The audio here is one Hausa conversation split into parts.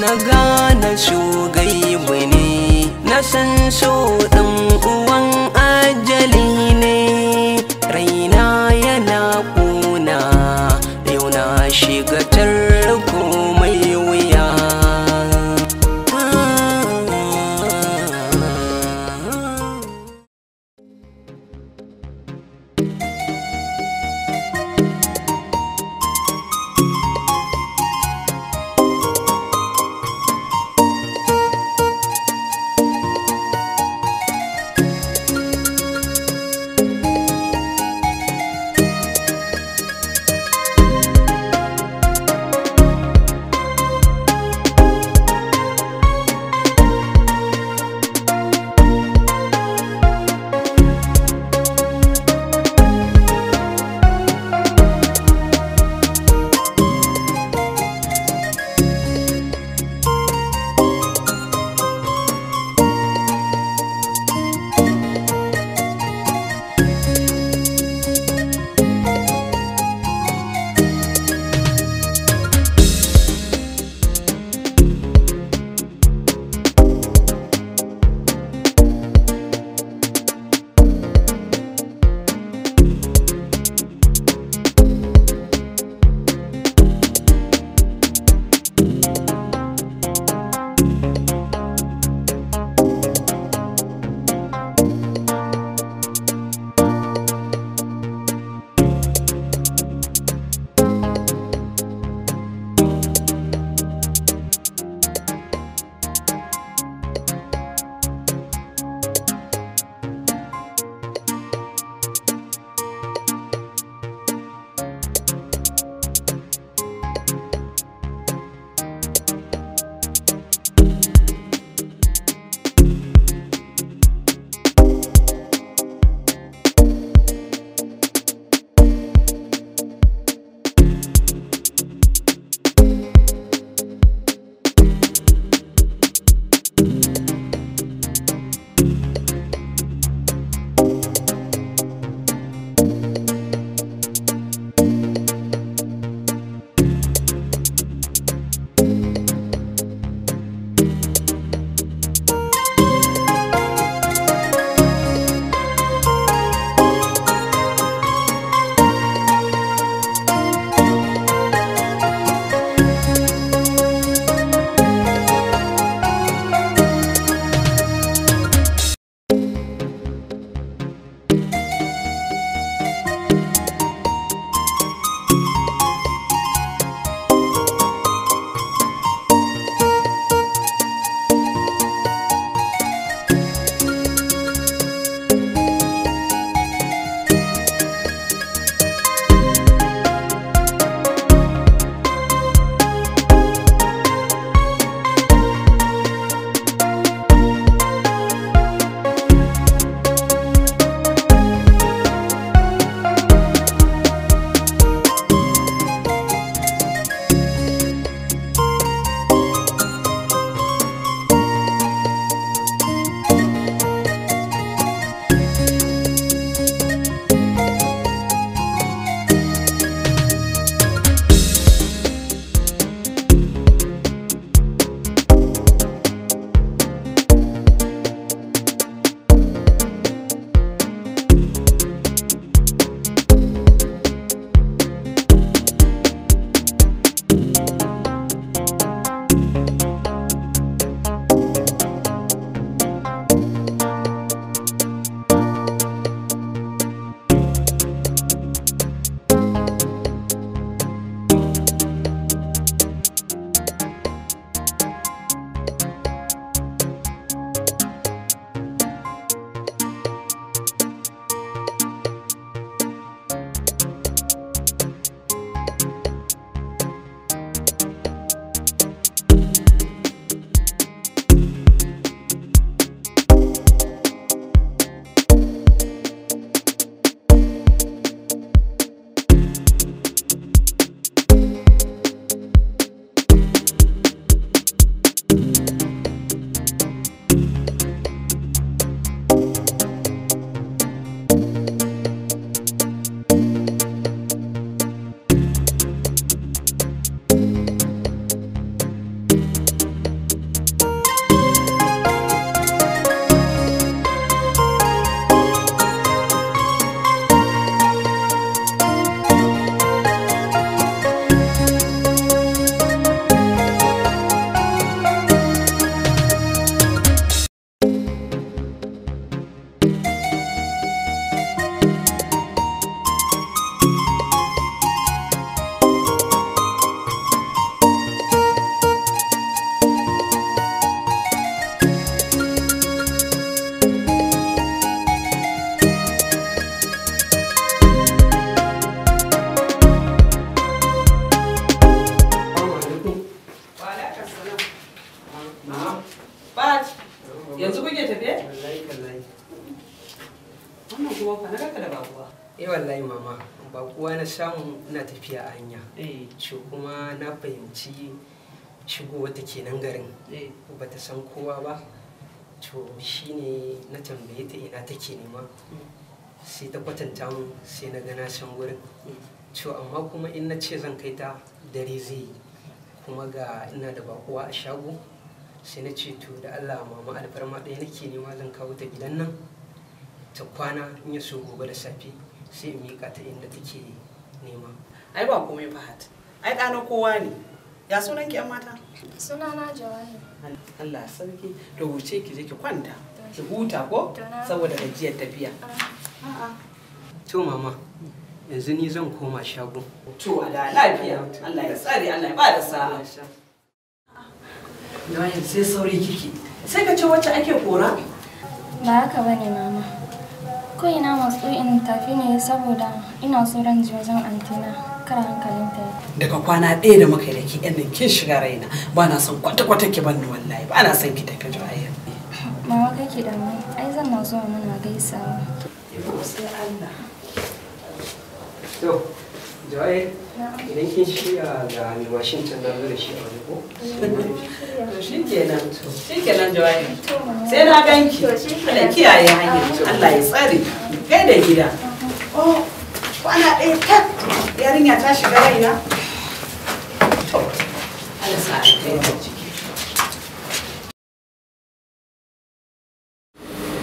na gane shugaibu ne na san so To kuma na fahimci shigo ta kenan garin eh. ba ta san kowa ba to shine na tambaye ta ina take nema hmm. sai ta kwatanta mu sai na gana san wurin hmm. to amma kuma in na ce zan kai ta dare zai yi kuma ga ina da bakuwa a shago sai na ce to da allah mama alfarma ɗaya nake nema zan kawo ta gidan nan ta kwana in ya so gobe da safe sai in miƙa ta inda take nema ai ba komai fahad ai ɗana kowa ne ya sunan ki yan mata sunana jawani. Allah sarki to wuce ki je ki kwanta ki huta ko saboda gajiyar tafiya ah. a'a to mama yanzu ni zan koma shago to ala lafiya Allah ya tsare Allah ya ba da sa'a Jawahir sai sauri kiki sai ka ce wacce ake kora ba haka bane mama ko ina masu in tafi ne saboda ina so ran wajen antina daga kwana ɗaya da muka yi da ke yan nan kin shiga raina ba na son kwata-kwata ki banni wallahi ba na son ki tafi jirayen mama kai ki da mai ai zan ma zuwa muna gaisawa sai Allah to jiraye idan kin shirya ga mai can da da shi a wani ko eh, shi kenan to shi kenan jiraye sai na ganki da kiyaye hanyar Allah ya tsare kai da gida oh kwana ɗaya tak yarinya ta shiga raina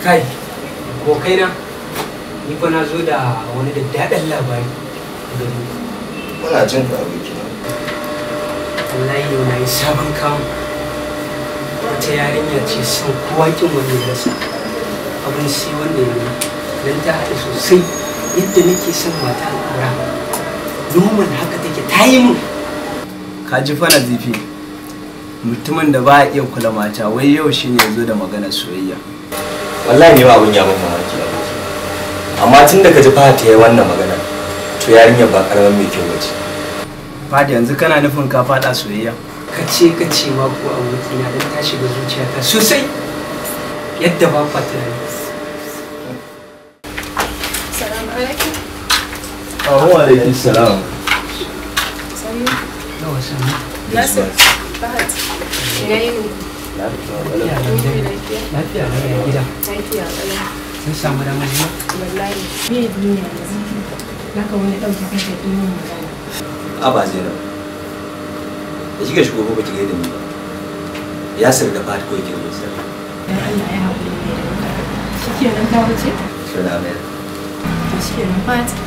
kai abokaina ni fa na zo da wani daddaɗan labari gari muna jin ka aboki wallahi yau na yi sabon kamu wata yarinya ce son kowa kin wani rasa abin sai wanda ya nan ta haɗe sosai yadda nake son mata aura noman haka take ta yi min ka ji zifi mutumin da ba a iya kula mata wai yau shi ne zo da maganar soyayya wallahi ne ba abun ya ban mamaki amma tun da kaji ji fata ya wannan magana to yarinyar ba karamar mai kyau bace fata yanzu kana nufin ka fada soyayya ka ce ka ce ma ko abokina don ta shiga zuciyata sosai yadda ba fatilani Oh, wa alaikum salam. Sun samu da mai Wallahi, bai duniya yanzu. Naka wani ɗauki kake duniya magana. A ba zai Da kika shigo ba ki gaida ni ba. Ya sir da fat ko yake da sir. Dan Allah ya haƙuri. Shikenan ta wuce? Shikenan. Shikenan fat.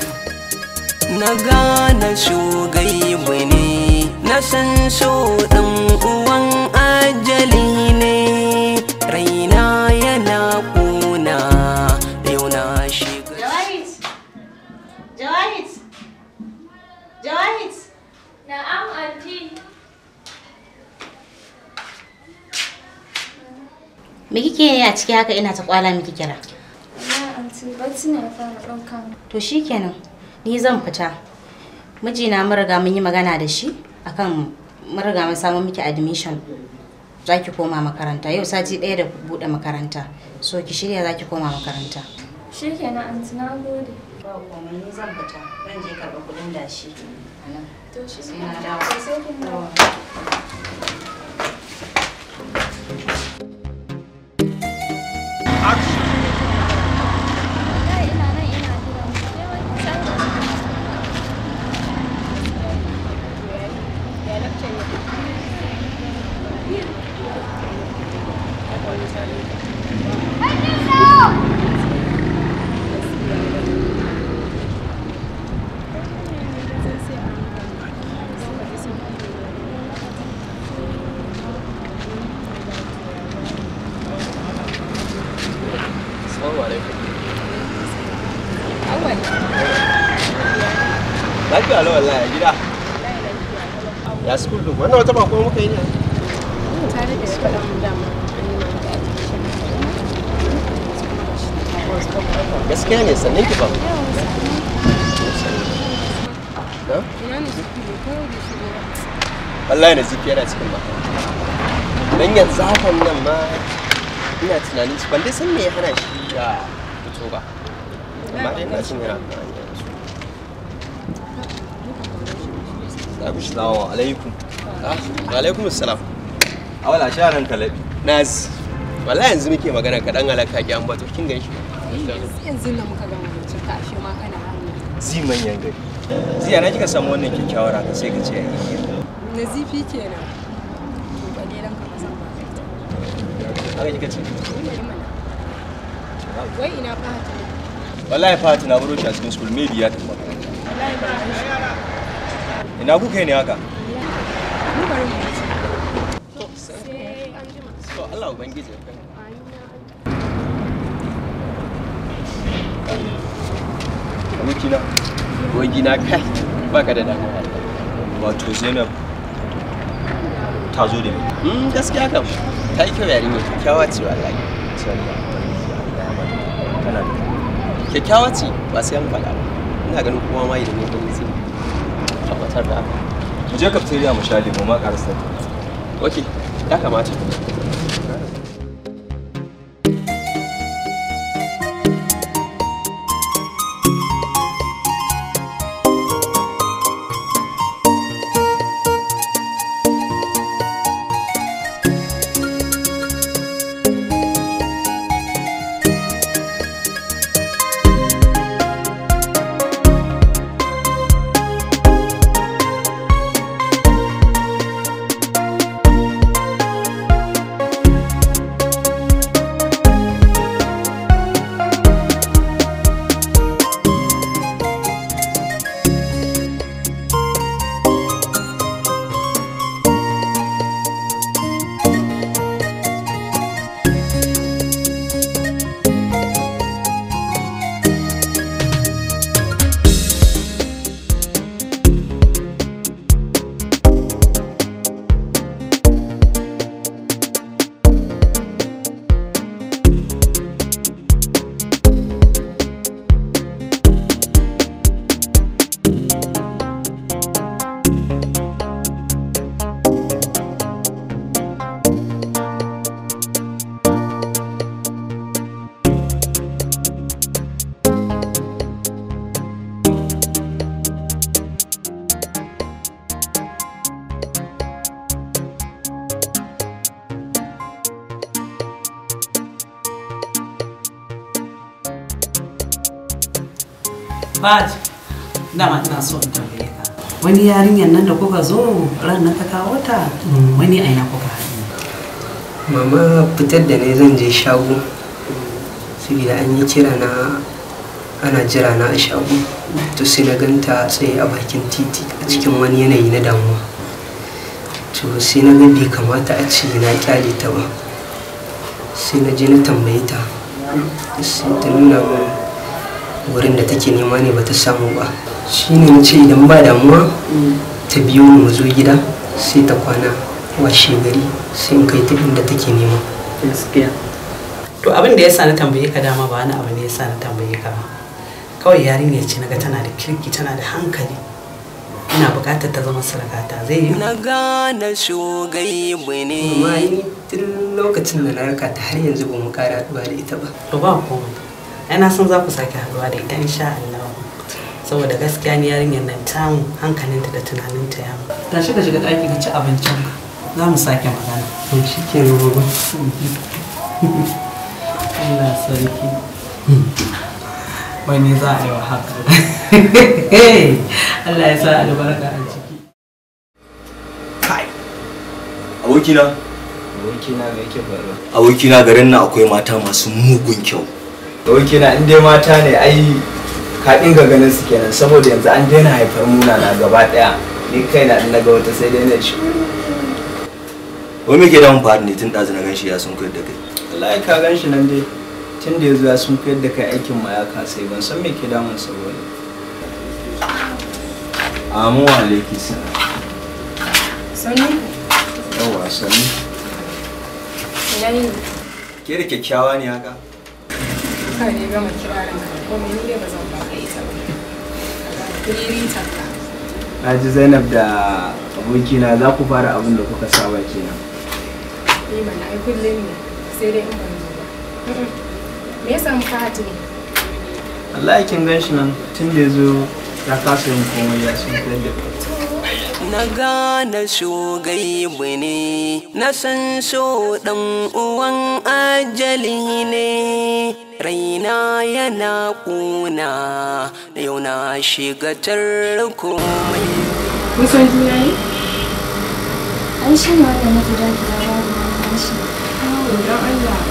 na gane shugaibu ne na san so ɗan uwan ajali ne raina yana kuna yau na shiga jawahit jawahit jawahit am anti me kike yi a ciki haka ina ta kwala miki kira na anti ba tunan ya fara ɗauka to shikenan ni zan fita mijina mun riga mun yi magana da shi akan mun riga mun samu miki admission za ki koma makaranta yau sati ɗaya da buɗe makaranta so ki shirya za ki koma makaranta shikenan an tuna na gode ba komai ni zan fita zan je karɓa kuɗin dashi to shi sai na dawo sai kin dawo wannan wata ba kuma muka yi ne gaskiya ne sannan ki ba wallahi na yana cikin mata don yanzu hakan nan ma ina tunanin su ban dai san me ya hana shi ya fito ba amma dai ina cin yana amfani Assalamu alaikum. Wa alaikum assalam. Awala sha ran kalabi. Nas. Wallahi yanzu muke magana kaɗan halaka ki an bato kin ganshi. Yanzu da muka gama bincin ka ashe ma kana hanya. Zi manyan gari. Ziya na kika samu wannan kyakkyawar haka sai ka ce a yi. Nazifi kenan. To kalilan ka ba zan ba ka. Haka kika ce. Wai ina fata. Wallahi fata na baro shi a cikin school maybe ya tafi makaranta. Ina kuka ne haka? na kai baka da damuwa wato zainab ta zo da ni hmm, gaskiya kam ta yi kyau yarinya kyakkyawa ce wallahi tana da kyakkyawa ce ba sai an faɗa ba ina ganin kowa ma idan ya gani zai tabbatar da haka mu je kafeteria mu sha lemo ma ƙarasa ok ya kamata Baji, dama ina Wani yarinyar nan da kuka zo ran nan ta kawo ta mm. wani a ina kuka Mama fitar da ne zan je shago saboda an yi kira na ana jira na a shago to sai na ganta tsaye a bakin titi a cikin wani yanayi na damuwa to sai na ga bai kamata a ce na kyale ta ba sai na je na tambaye ta sai ta nuna mana wurin da take nema ne bata samu ba shine ne ce idan ba damuwa ta biyo mu zo gida sai ta kwana washe gari sai in kai ta inda take nema gaskiya to abin da ya sa na tambaye ka dama ba wani abu ne ya sa na tambaye ka ba kawai yarinya ce naga tana da kirki tana da hankali ina bukatar ta zama sarakata zai yi na gane shugai tun lokacin da na raka ta har yanzu ba mu kara ba da ita ba to ba komai ana son za ku sake haɗuwa da ita insha Allah saboda gaskiya ni yarinyar nan ta mu hankalinta da tunaninta ya tashi ka shiga ɗaki ka ci abincin za mu sake magana to shi ke ruwa Allah sarki wani za a yi wa haka Allah ya sa albarka a ciki kai abokina abokina ga yake faruwa abokina garin nan akwai mata masu mugun kyau dauke na dai mata ne ai ka dinga ganin su kenan saboda yanzu an daina haifar muna na gaba daya ni kai na na ga wata sai dai na ci wai me ke da mun faɗi ne tun ɗazu na ganshi ya sun koyar da kai wallahi ka ganshi nan dai tun da yanzu ya sun koyar da kai aikin ma ya kasa ban san me ke damun saboda amu alaiki sana sani yawa sani ke da kyakkyawa ne haka sa ne gama kirarin ka ko ne ba zan ba ka ita ba tiririn takka na ji zainab da abokina za ku fara abin da kuka saba kenan ni ba na ai kullum ne sai dai in ban zo ba me yasa mu fahati ne Allah kin ganshi nan tun da yazo zo ya kasa yin komai ya shi fiye da na gane shugaibu ne na san so dan uwan ajali ne raina yana kuna da yau na shiga tarko mai kusan juna yi an shi ne wanda na guda da labarin shi don Allah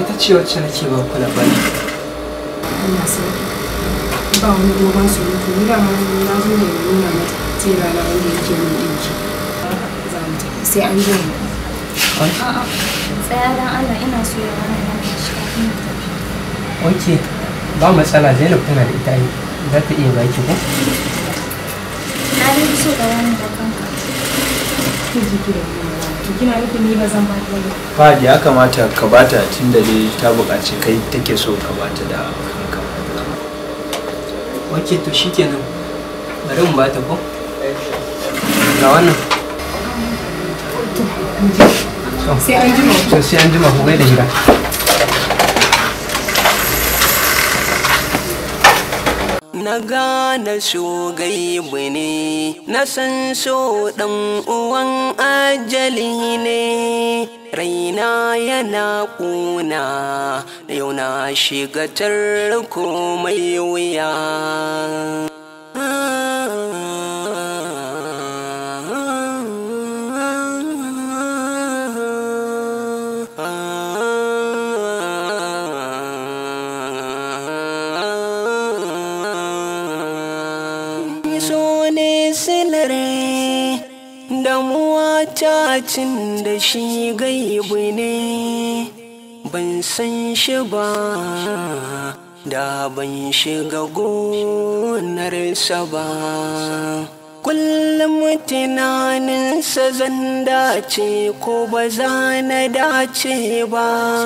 ita ce wacce ce ba ku labari ina sarki ba wani dogon yi ku da ma na zo ne nuna mata sai na wanda yake mun ɗinki sai an zo ne Tsaya dan Allah ina so ya wani nan shi kafin mu tafi. Okay. Ba matsala Zainab tana da ita za ta iya ba baki ko? Na dai so da wani da kanka. kina nufin ni ba zan ba ta ba. Fadi ya kamata ka bata tunda dai ta buƙaci kai take so ka bata da kanka. Wace to shikenan bari mu bata ko? Ga wannan. sai an jima jima ku na gane shugaibu ne na san so ɗan uwan ajali ne raina yana ƙuna yau na shiga tarko mai wuya damuwa cin da shi gaibu ne ban san shi ba da ban shiga gonarsa ba kullum tunaninsa zan dace ko ba za na dace ba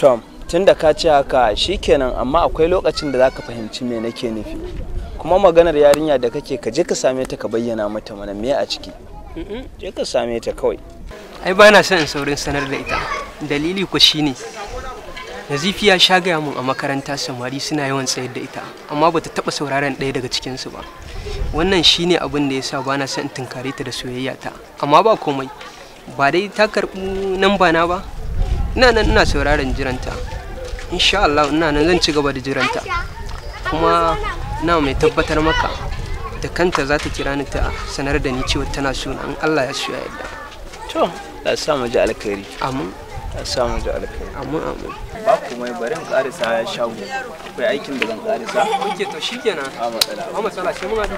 tom tun da ka ce haka shikenan amma akwai lokacin da za ka fahimci me nake nufi kuma maganar yarinya da kake ka je ka same ta ka bayyana mata mana me a ciki je ka same ta kawai ai ba na son saurin sanar da ita dalili ku shine nazifi ya sha gaya mun a makaranta samari suna yawan tsayar da ita amma bata taba sauraron ɗaya daga cikinsu ba wannan shine abin da sa ba na son in tunkare ta da soyayya ta amma ba komai ba dai ta karɓi nan ba na ba ina nan ina sauraron jiranta insha Allah ina nan zan ci gaba da jiranta kuma na mai tabbatar maka da kanta za ta kira ni ta sanar da ni cewa tana suna in Allah ya shi ya yarda to da samu ji alkhairi amin da samu ji alkhairi amin amin ba ku mai barin karisa ya shago akwai aikin da zan karisa oke to shikenan a matsala a matsala sai mun ga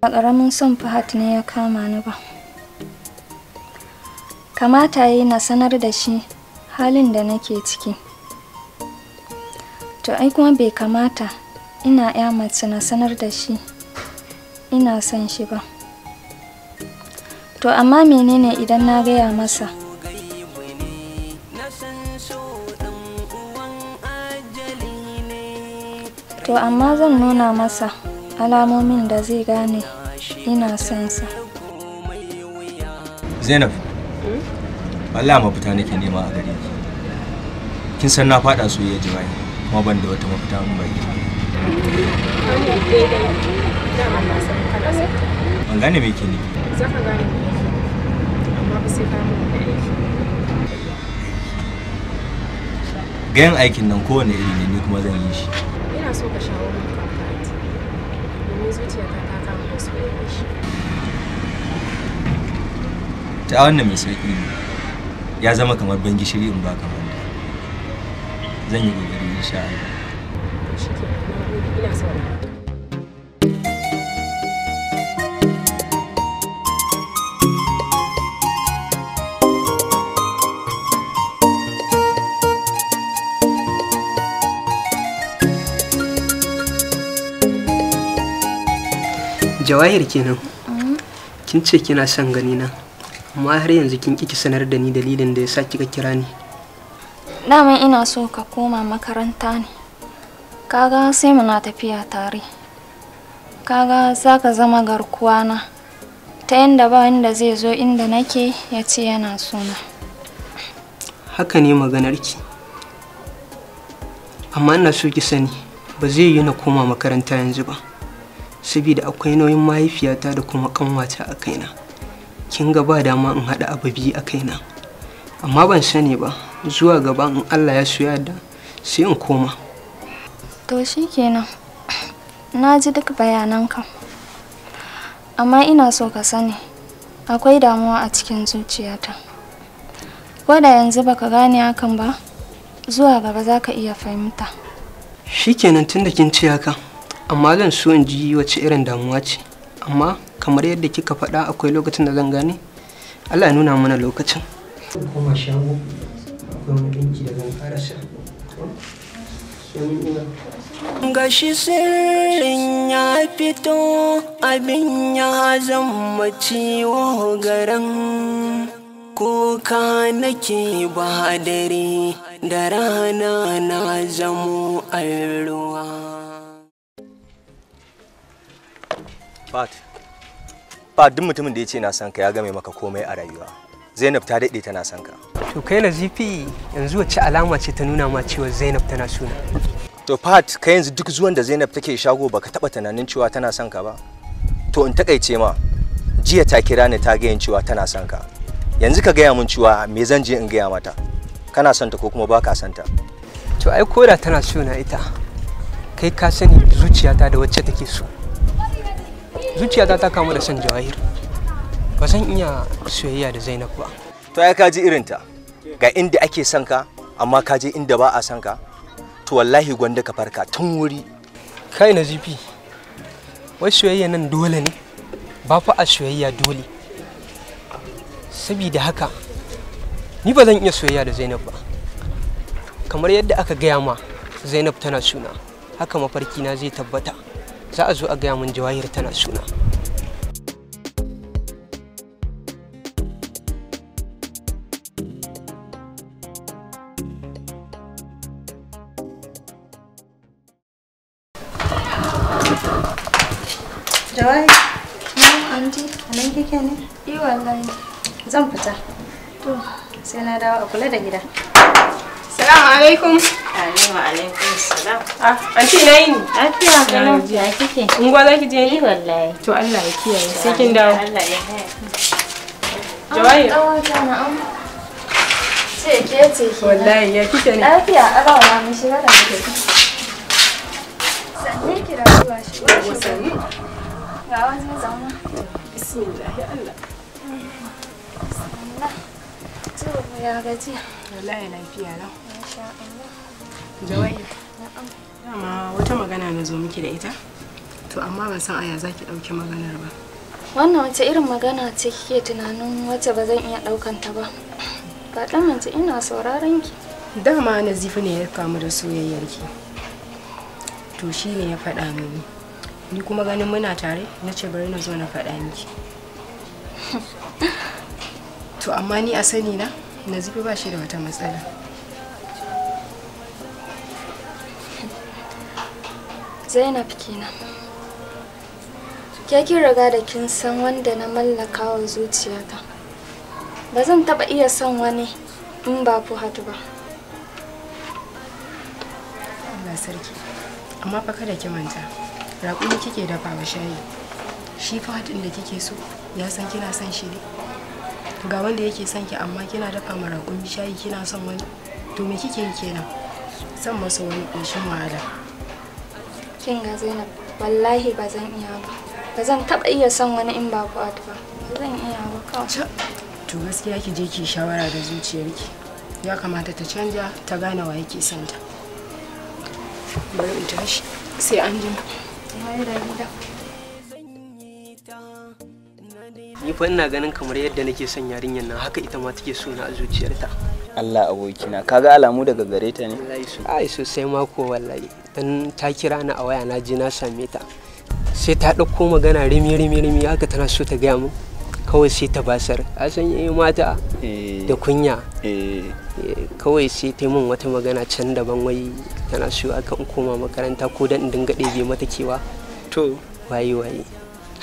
ba karamin son Fahad ne ya kama ni ba kamata yi na sanar da shi halin da nake ciki to ai kuma bai kamata ina ya mace na sanar da shi ina son shi ba to amma menene idan na gaya masa to amma zan nuna masa alamomin da zai gane ina son sa zainab hmm? Allah mafita nake nema a gare ki kin san na fada soyayya jima'i kuma ban da wata mafita mun bai An gane me yake ne. Za ka gane me Amma ba sai ka mun da aiki. Gayan aikin nan kowane iri ne ni kuma zan yi shi. Ina so ka shawo mun kanka. Domin zuciyarka ta kama da soyayya shi. Ta wannan mai sauƙi ne. Ya zama kamar ban gishiri in ba kamar. Zan yi ƙoƙari insha Allah. jawahir kenan kin ce kina son gani na amma har yanzu kin ki sanar da ni dalilin da ya sa kika kira ni dama ina so ka koma makaranta ne kaga sai muna tafiya tare kaga za ka zama garkuwa na ta yadda ba inda zai zo inda nake ya ce yana suna haka ne maganarki amma ina so ki sani ba zai yi na koma makaranta yanzu ba saboda akwai nauyin mahaifiyata da kuma kanwata a kaina kin ga ba dama in haɗa abu biyu a kaina amma ban sani ba zuwa gaba in allah ya so da sai in koma To shi kenan. Na ji duk bayananka. Amma ina so ka sani, akwai damuwa a cikin zuciyata. Koda yanzu baka gane hakan ba, zuwa gaba za ka iya fahimta. Shi kenan tun kin ce haka, amma zan so in ji wace irin damuwa ce. Amma kamar yadda kika faɗa akwai lokacin da zan gane, Allah nuna mana lokacin. kuma shago, akwai da zan sha. gashi sirrin ya fito abin ya zama ciwo garan kuka nake ba dare da rana na zamo alruwa Fat, Fat duk mutumin da ya ce na san ka ya game maka komai a rayuwa. Zainab ta daɗe tana son ka. To kai na zifi yanzu wacce alama ce ta nuna ma cewa Zainab tana suna. To Fat kai yanzu duk zuwan da Zainab take shago baka taɓa tunanin cewa tana son ka ba. To in takaice ma jiya ta kira ni ta gayan cewa tana son ka. Yanzu ka gaya min cewa me zan je in gaya mata. Kana son ta ko kuma baka son ta. To ai koda tana suna ita. Kai ka sani zuciyata da wacce take so. Zuciyata ta kamu da son jawahir. ba zan iya soyayya da zainab ba to ai ka ji irinta ga inda ake son ka amma ka inda ba a son ka to wallahi gwanda ka farka tun wuri kai na zifi wai soyayya nan dole ne ba fa a soyayya dole saboda haka ni ba zan iya soyayya da zainab ba kamar yadda aka gaya ma zainab tana suna haka mafarki na zai tabbata za a zo a gaya min jawahir tana suna Jawai, mun anti, a nan kike ne? yi wallahi. Zan fita. To, sai na dawo a kula da gida. Salamu alaikum. Alaikum alaikum salam. Ah, anti na yini? Lafiya kalau. Ya kike? Ungwa za ki je ni? wallahi. To Allah ya kiyaye. Sai kin dawo. Allah ya kiyaye. Jawai. Oh, na'am. Ce ke ce ke. Wallahi ya kike ne? Lafiya, Allah ya mishi da kike. Sanni kira zuwa shi. Sanni. ga Dama wata magana na zo miki da ita. To amma ban san aya zaki dauki maganar ba. Wannan wace irin magana ce kike tunanin wacce ba zan iya daukan ta ba. Ba dan mace ina sauraron ki. Dama nazifi ne ya kamu da soyayyarki. To shine ya faɗa mini. ni kuma ganin muna tare na ce bari na zo na faɗa miki to amma ni a sani na na zubi ba shi da wata matsala zainab kenan ke kin riga da kin san wanda na mallaka wa zuciyata ba zan taɓa iya son wani in ba fuhatu ba Allah sarki amma fa kada ki manta raƙumi kike dafa wa shayi shi fa haɗin da kike so ya san kina son shi ne ga wanda yake son ki amma kina dafa ma raƙumi shayi kina son wani to me kike yi kenan son masa wani ƙoshin wahala kin ga zainab wallahi ba zan iya ba ba zan taɓa iya son wani in ba ku ba ba zan iya ba kawai to gaskiya ki je ki shawara da zuciyarki ya kamata ta canja ta gane wa yake son ta bari in tashi sai an jima Ni fa ina ganin kamar yadda nake son yarinyar nan haka ita ma take so na a zuciyarta. Allah abokina kaga alamu daga gare ta ne? Ai sosai ko wallahi dan ta kira ni a waya na ji na same ta. Sai ta ɗauko magana rimi rimi rimi haka tana so ta gaya mu. kawai sai ta basar a san yi mata eh. da kunya eh. Eh, kawai sai ta min wata magana can daban wai tana so aka koma makaranta ko da dan dinga ɗebe mata kewa to waye waye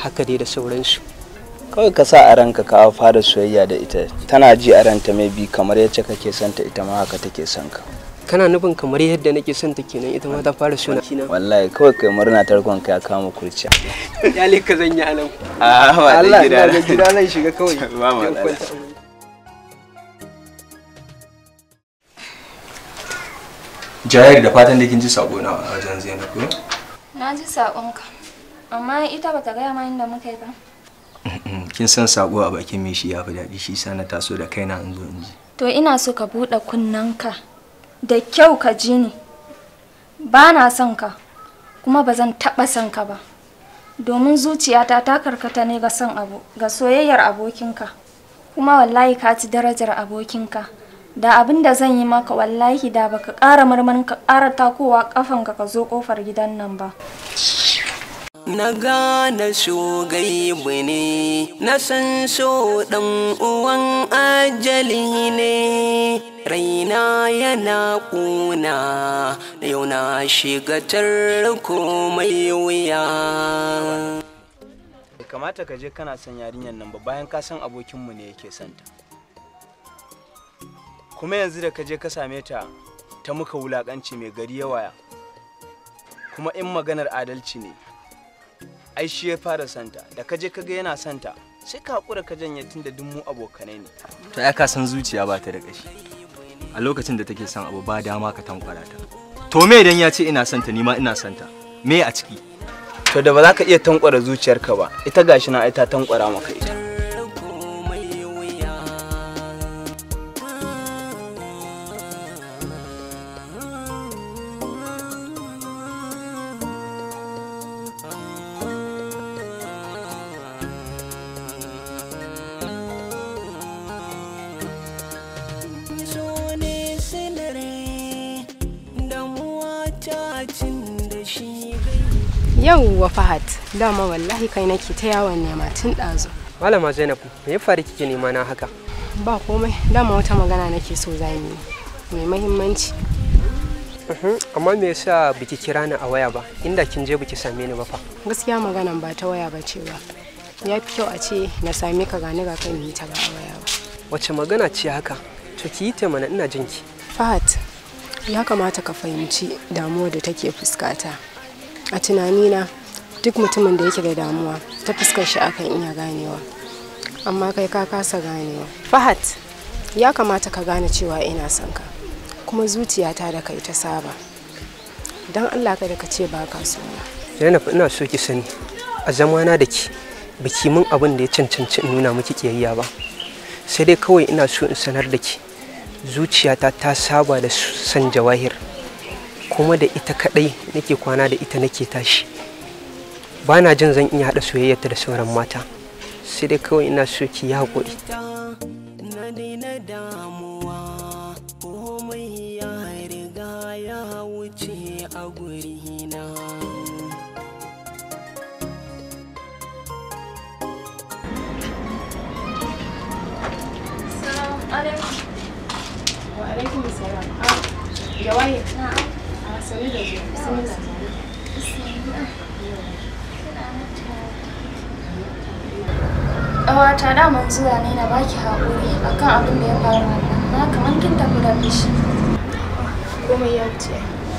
haka dai da sauransu kawai ka sa a ranka ka fara soyayya da ita tana ji a ranta mai bi kamar yacce kake santa ita ma haka take son ka kana nufin kamar yadda nake son ta kenan ita ma ta fara suna wallahi kawai kai murna kai aka kama kurciya ya le ka zanya anan a ah, ba da gida Allah shiga kawai ba ma Jayar da fatan da kin ji sako na a wajen Zainab ko na ji ka amma ita bata gaya ma inda muka yi ba kin san sako a bakin me shi ya fi daɗi shi sana taso da kaina in zo in ji to ina so ka buɗe kunnanka da kyau ka ji ni ba na son ka kuma ba zan taɓa son ka ba domin zuciyata ta karkata ne ga son abu ga soyayyar abokinka kuma wallahi ka ci darajar abokinka da abin da zan yi maka wallahi da baka ƙara marmarin ka ƙara takowa ƙafanka ka zo ƙofar gidan nan ba na gane shugaibu ne na san so ɗan uwan ajali ne raina yana kuna yau na shiga tarko mai wuya kamata ka je kana son yarinyar nan ba bayan ka san abokinmu ne yake santa kuma yanzu da ka je ka same ta ta muka wulakanci mai gari ya waya kuma in maganar adalci ne ai shi ya fara santa da kaje kaga yana santa sai ka hakura ka janye tunda duk mu abokanai ne to ya ka san zuciya ba ta da kashi a lokacin da take son abu ba dama ka tankwara ta to me idan ya ce ina santa ni ma ina santa me a ciki to da ba za ka iya tankwara zuciyarka ba ita gashi na ai ta tankwara maka ita Yau wa Fahad, dama wallahi kai nake ta yawon nema tun ɗazu. Malama Zainab, me ya faru kike nema na haka? Ba komai, dama wata magana nake so za mu Mai muhimmanci. Amma me yasa biki kira ni a waya ba? Inda kin je biki same ni ba fa. Gaskiya maganan ba ta waya ba ce ba. Ya fi kyau a ce na sami ka gani ga kai ta ba a waya ba. Wace magana ce haka? To ki ta mana ina jinki. Fahad, ya kamata ka fahimci damuwar da take fuskata. a tunanina duk mutumin da yake da damuwa ta fuskar shi akan iya ganewa amma kai ka kasa ganewa fahad ya kamata ka gane cewa ina son ka kuma zuciyata da kai ta saba don allah kada ka ce ba ka so zainab ina so ki sani a zamana da ki biki mun abin da ya cancanci in nuna miki kiyayya ba sai dai kawai ina so in sanar da ki zuciyata ta saba da san jawahir kuma da ita kadai nake kwana da ita nake tashi ba na jin zan iya haɗa soyayyarta da sauran mata sai dai kawai ina so ki yi haƙuri Wa alaikum salam. Ah, ya Na'am. sani da zuwa da ƙawata zuwa ne na baki haƙuri a kan abin da ya faru na kamar kin tafi da mishi komai ya ce,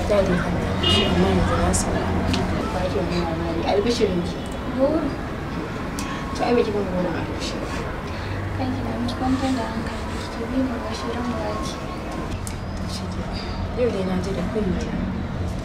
ta ne kan shi amma yanzu na saurara ba ke wani labari albishirin ki to ai baki ban gona albishi kan ki na miki kwantar da hankali ki bi mu bashi ran ke, yau dai na ji da kunta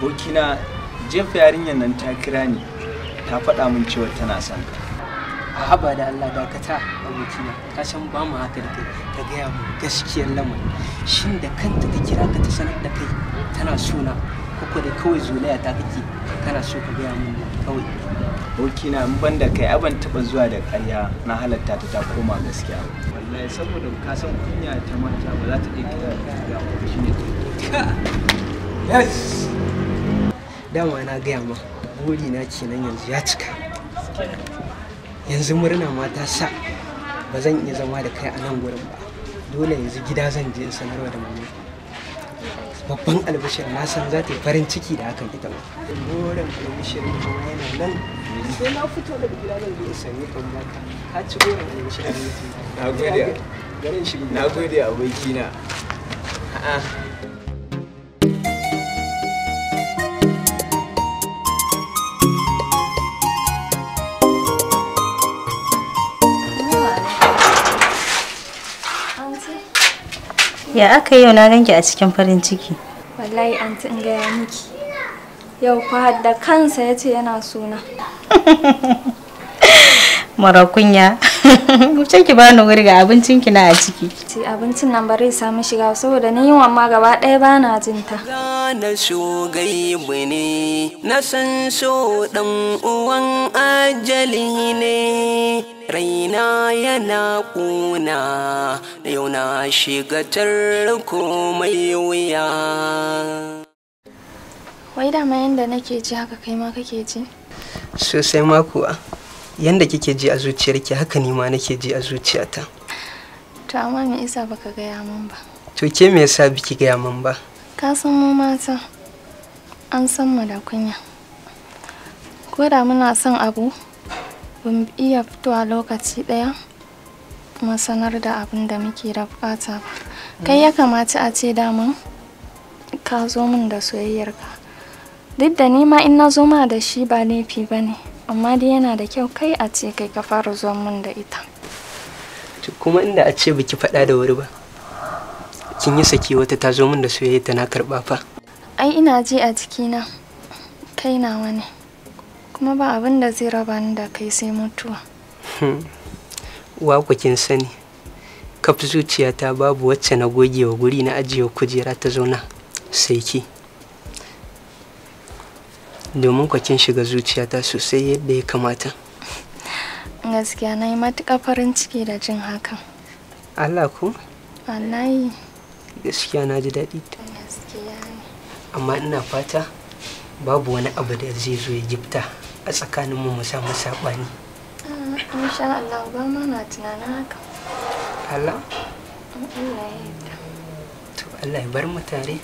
abokina jefa yarinyar nan ta kira ni ta faɗa min cewa tana son ka haba da Allah dakata abokina ka san ba mu haka da kai ka gaya mu gaskiyar lamarin shin da kanta ta kira ka ta sanar da kai tana suna kuka da kawai zulaya ta kake kana so ka gaya mun kawai abokina in ban da kai aban taɓa zuwa da ƙarya na halatta ta ta koma gaskiya wallahi saboda ka san kunya ta mata ba za ta iya kira ka ga shi ne yes dama na gaya ma buri na kenan yanzu ya cika yanzu murna mata sa ba zan iya zama da kai a nan gurin ba dole yanzu gida zan je in sanarwa da mama babban albishir na san za ta yi farin ciki da hakan ita ma gurin albishir kuma yana nan sai na fito daga gida zan je in sami kan baka ka ci gurin albishir na gode na gode abokina a'a Ya aka yau na ganki a cikin farin ciki. Wallahi an in gaya miki. Yau fa da kansa ya ce yana suna. marakunya gubcin ki bani wuri ga abincin ki na a ciki. Ci abincin nan bari samu shiga saboda ni yin ma gaba ɗaya ba na jin ta. Na gaibu ne na san so dan uwan ajali ne raina yana kuna yau na shiga tarko mai wuya. Wai dama yanda nake ji haka kai ma kake ji? Sosai ma kuwa. yanda kike ji a zuciyarki haka ni ma nake ji a zuciyata to amma me isa baka gaya min ba to ke me yasa biki gaya min ba ka san mu mata an san mu da kunya ko da muna son abu mun iya fitowa lokaci ɗaya kuma sanar da abin da muke da bukata ba kai ya kamata a ce daman ka zo min da soyayyarka duk da nima in na zo ma da shi ba laifi ba ne amma dai yana da kyau kai a ce kai ka fara zuwa mun da ita kuma inda a ce biki faɗa da wuri ba kin yi saki wata ta zo min da soyayya ta na karɓa fa ai ina ji a jikina kai na wani kuma ba abin da zai raba ni da kai sai mutuwa hmm. wa ku kin sani kaf zuciyata babu wacce na goge wa guri na ajiye kujera ta zauna sai ki domin kwakin shiga zuciyata sosai yadda ya kamata gaskiya na yi matuƙa farin ciki da jin hakan allah ku? wallahi gaskiya na ji daɗi amma ina fata babu wani abu da zai zo ya jifta a tsakaninmu mu samu saɓani ah, insha allah ba ma na tunanin haka allah? to allah ya bar mu tare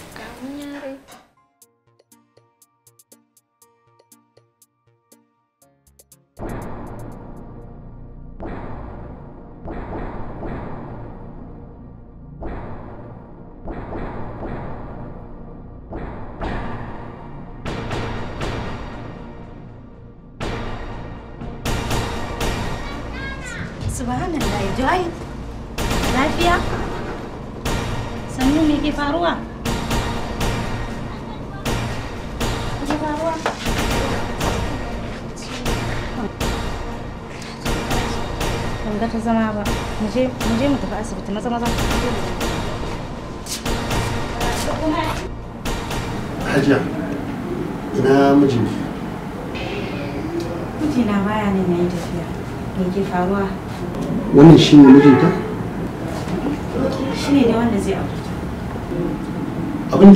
maza maza hajiya ina miji ne wannan ta? da wanda zai abin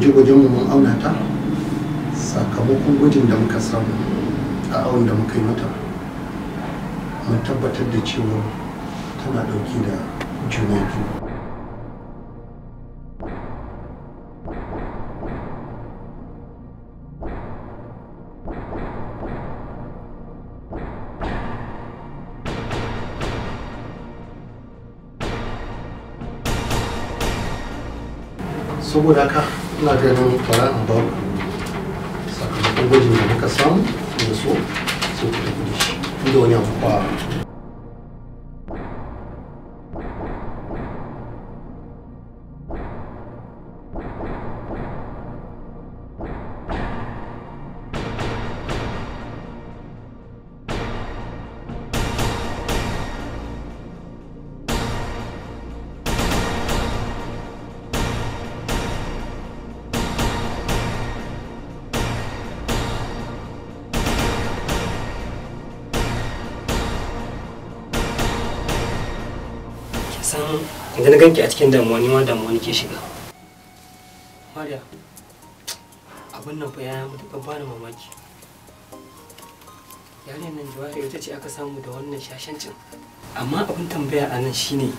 da gwaje mu mun auna ta sakamakon gwajin da muka samu a awon da muka yi mata mun tabbatar da cewa tana ɗauki da juna biyu saboda haka ina ganin bara in ba ku sakamakon gwajin da muka samu da so sai 六年文化。cikin damuwa ni ma damuwa nake shiga mariya abin nan fa ya mutukan bani mamaki yare nan jawari ita ce aka samu da wannan shashancin amma abin tambaya a nan shine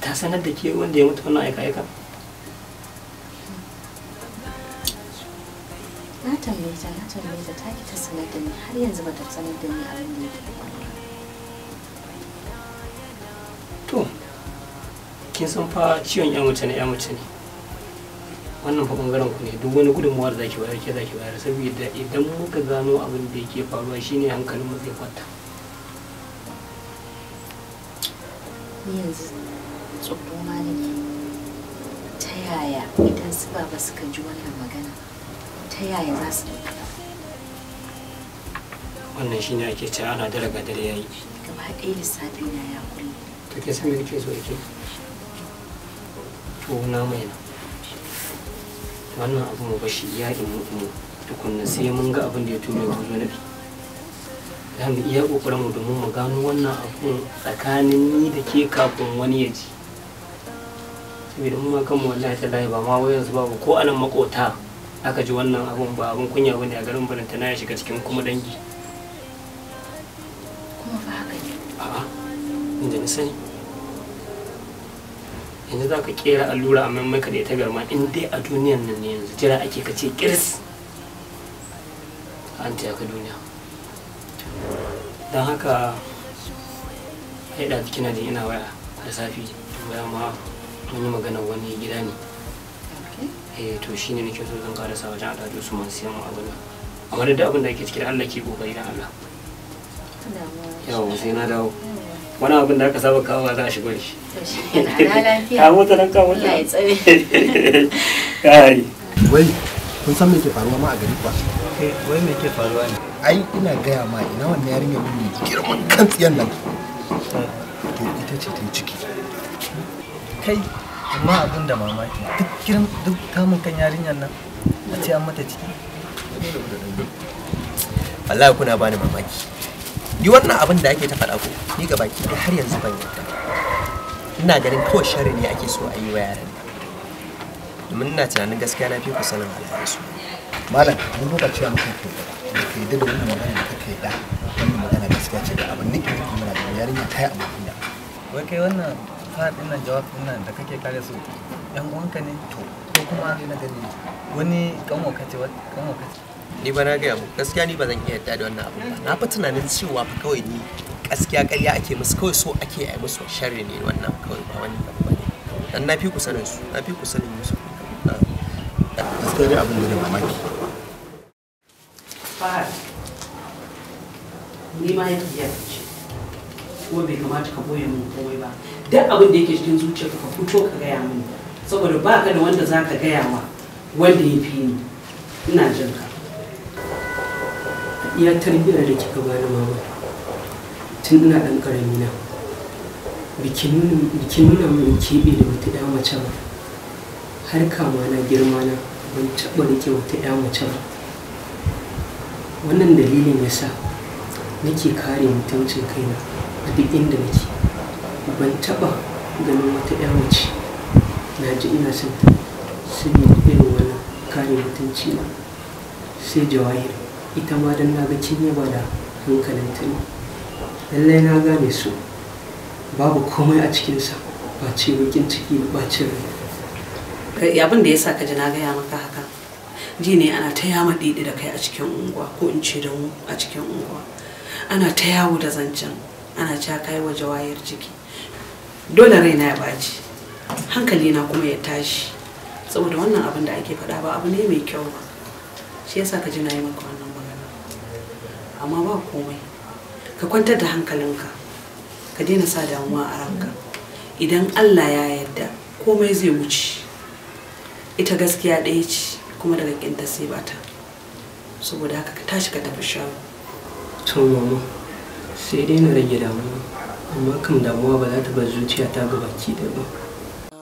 ta sanar da ke wanda ya mutu wannan aika-aika na tambaye ta na tambaye ta ta ki ta sanar da ni har yanzu ba ta sanar da ni a da ya kin san fa ciwon ya mace ne ya mace ne wannan fa bangaren ku ne duk wani gudunmuwa da zaki bayar ke zaki bayar saboda idan muka gano abin da yake faruwa shine hankalin mu zai kwanta ni yanzu tsoro ma nake ta yaya idan su baba suka ji wannan magana ta yaya za su wannan shine ake ce ana daraga dare yayi gaba ɗaya lissafi na ya kulle to ke san me kike so yake tuwona mai nan wannan abu mu bashi iya imu imu tukunna sai mun ga abin da ya tume mu zuwa za mu iya kokarin mu domin mu gano wannan abun tsakanin ni da ke kafin wani ya ji da mu ma kanmu wallahi ta layi ba ma wai yanzu babu ko anan makota aka ji wannan abun ba abun kunya bane a garin balanta na ya shiga cikin kuma dangi kuma ba haka ne a'a inda ni sani yanzu za ka kera allura a maimaka da ita garma in dai a duniyan nan ne yanzu jira ake ka ce a an ka duniya don haka da kina da ina waya da safi waya ma mun yi magana wani gida ne eh to ne nake so zan karasa wajen su masu siyan abu na amma da abin da ake cikin allah ke kokari da allah yawo sai na dawo eh. wani abin da aka saba kawo za a shigo da shi ta mota nan kawo ta kari wai kun san me ke faruwa ma a gari kuwa eh, wai me ke faruwa ne ai ina gaya ma ina wannan yarinya mun girman kan tsiyan nan eh. to ita ce ta yi ciki kai amma abin da mamaki duk girin duk kamun kan yarinyar nan a ce an mata ciki Allah kuna bani mamaki duk wannan abin da ake ta faɗa ko ni ga baki da har yanzu ban yadda. ina ganin kawai sharri ne ake so a yi wa yaran domin ina tunanin gaskiya na fi ku sanin halayen su malam duk lokaci a mutum ke da ke da wannan magana da kake da wannan magana gaskiya ce da abin nake nake kuma da yarinya ta yi abin da wai kai wannan faɗin nan jawabin nan da kake kare su yan uwanka ne to ko kuma wani kanwa kace kanwa kace ni ba na gaya mu gaskiya ni ba zan iya yadda da wannan abu ba na fi tunanin cewa fa kawai ni gaskiya ƙarya ake musu kawai so ake yi musu sharri ne wannan kawai ba wani abu ba ne dan na fi ku sanin su na fi ku sanin musu gaskiya ne abin da mamaki fahad ni ma ya ce kuma bai kamata ka boye min komai ba duk abin da yake cikin zuciyarka ka fito ka gaya mini saboda ba ka da wanda za ka gaya wa wanda ya fi ni ina jin ka iya tarbiyyar da kika bani mama tun ina ɗan ƙarami na bikin nuna min keɓe da wata ɗan mace ba har kama na girma na ban taɓa rike wata ɗan mace ba wannan dalilin ya sa nake kare mutuncin kaina a duk inda nake ban taɓa ganin wata ɗan mace na ji ina son ta saboda irin wannan kare mutunci na sai jawahir ita ma don na ga yaba da hankalin tuni lallai na gane su babu komai a cikinsa ba ce bakin ciki ba ce rai abin da ya sa kaji na gaya maka haka ji ne ana ta yama ɗiɗi da kai a cikin unguwa ko in ce da a cikin unguwa ana ta yawo da zancen ana ca kai wa jawayar ciki dole raina ya baci hankali na kuma ya tashi saboda wannan abin da ake faɗa ba abu ne mai kyau ba shi yasa ka ji na yi maka amma ba komai ka kwantar da hankalinka ka daina sa damuwa a ranka idan allah ya yarda komai zai wuce ita gaskiya ɗaya ce kuma daga ƙinta sai ba bata saboda haka ka tashi ka tafi shawo to mama sai dai na rage damuwa amma kan damuwa ba za ta bar zuciya ta ga baki da ba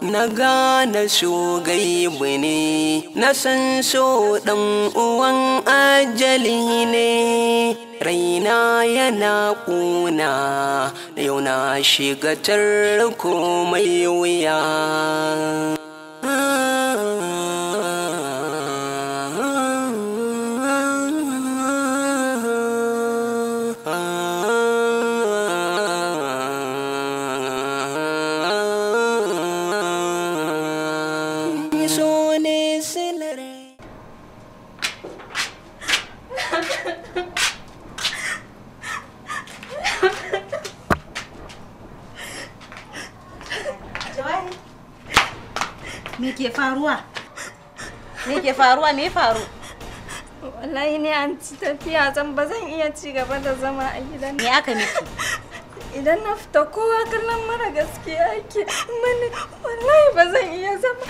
Na gane su gaibu ne, na san so ɗan uwan ajali ne, raina yana ƙuna, yau na shiga tarko mai wuya. Ah. Me ke faruwa? Me ke faruwa me faru? Wallahi ne an ci tafiya zan ba zan iya ci gaba da zama a gidan. Me aka miki? Idan na fita kowa kallon mara gaskiya ke mani wallahi ba zan iya zama.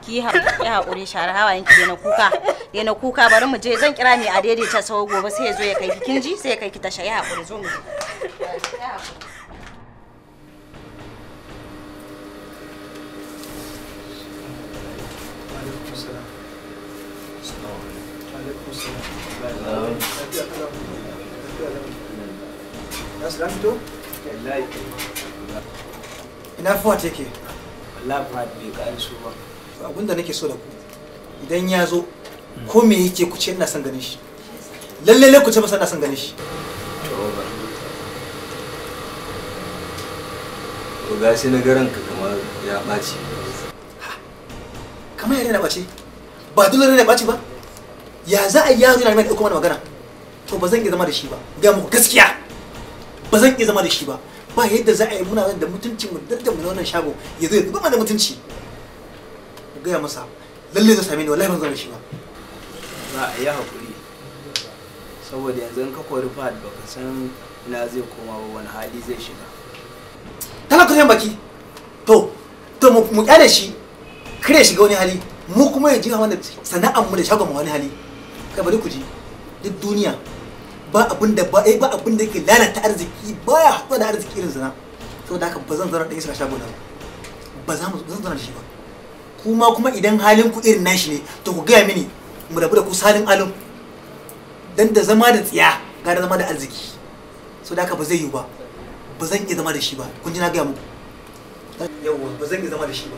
Ki haƙuri haƙuri share hawayen ki na kuka. Ya na kuka bari mu je zan kira ni a daidaita sawo gobe sai ya zo ya kai ki kinji sai ya kai ki tasha ya haƙuri zo mu. Ya su fito? Wallahi. Ina fuwa take? Wallahi bai so ba. nake so da ku idan ya zo ko me yake ku ce ina son ganin shi. Lalle ne ku ce masa ina son ganin shi. To ga shi na garan ka kamar ya ɓaci. Kamar ya na ɓaci? Ba dole ne ya ɓaci ba? ya za a yaro na mai ɗauko mana magana to ba zan iya zama da shi ba ga mu gaskiya ba zan iya zama da shi ba ba yadda za a yi muna da mutunci mu da mu wannan shago ya zo ya zuba mana mutunci ga ya masa lalle zai same ni wallahi ban zama da shi ba za a yi hakuri saboda yanzu in ka kori fad ba ka san ina zai koma ba wani hali zai shiga talaka zan baki to to mu kyale shi kare shiga wani hali mu kuma ya ji mana sana'ar mu da shagon mu wani hali Ka bari ku ji duk duniya ba abin da ba eh, ba abin da yake lalata arziki baya haɗu da arziki irin zina saboda haka ba zan zara da isa shago da ba za mu zan zara da shi ba kuma kuma idan halin ku irin nashi ne to ku gaya mini mu rabu da ku salin alum dan da zama da tsiya da zama da arziki saboda haka ba zai yiwu ba ba zan iya zama da shi ba kun ji na gaya muku yawwa ba zan iya zama da shi ba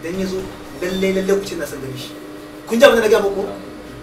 idan ya zo lallai lallai ku ce na san gani shi kun ji abin da na gaya muku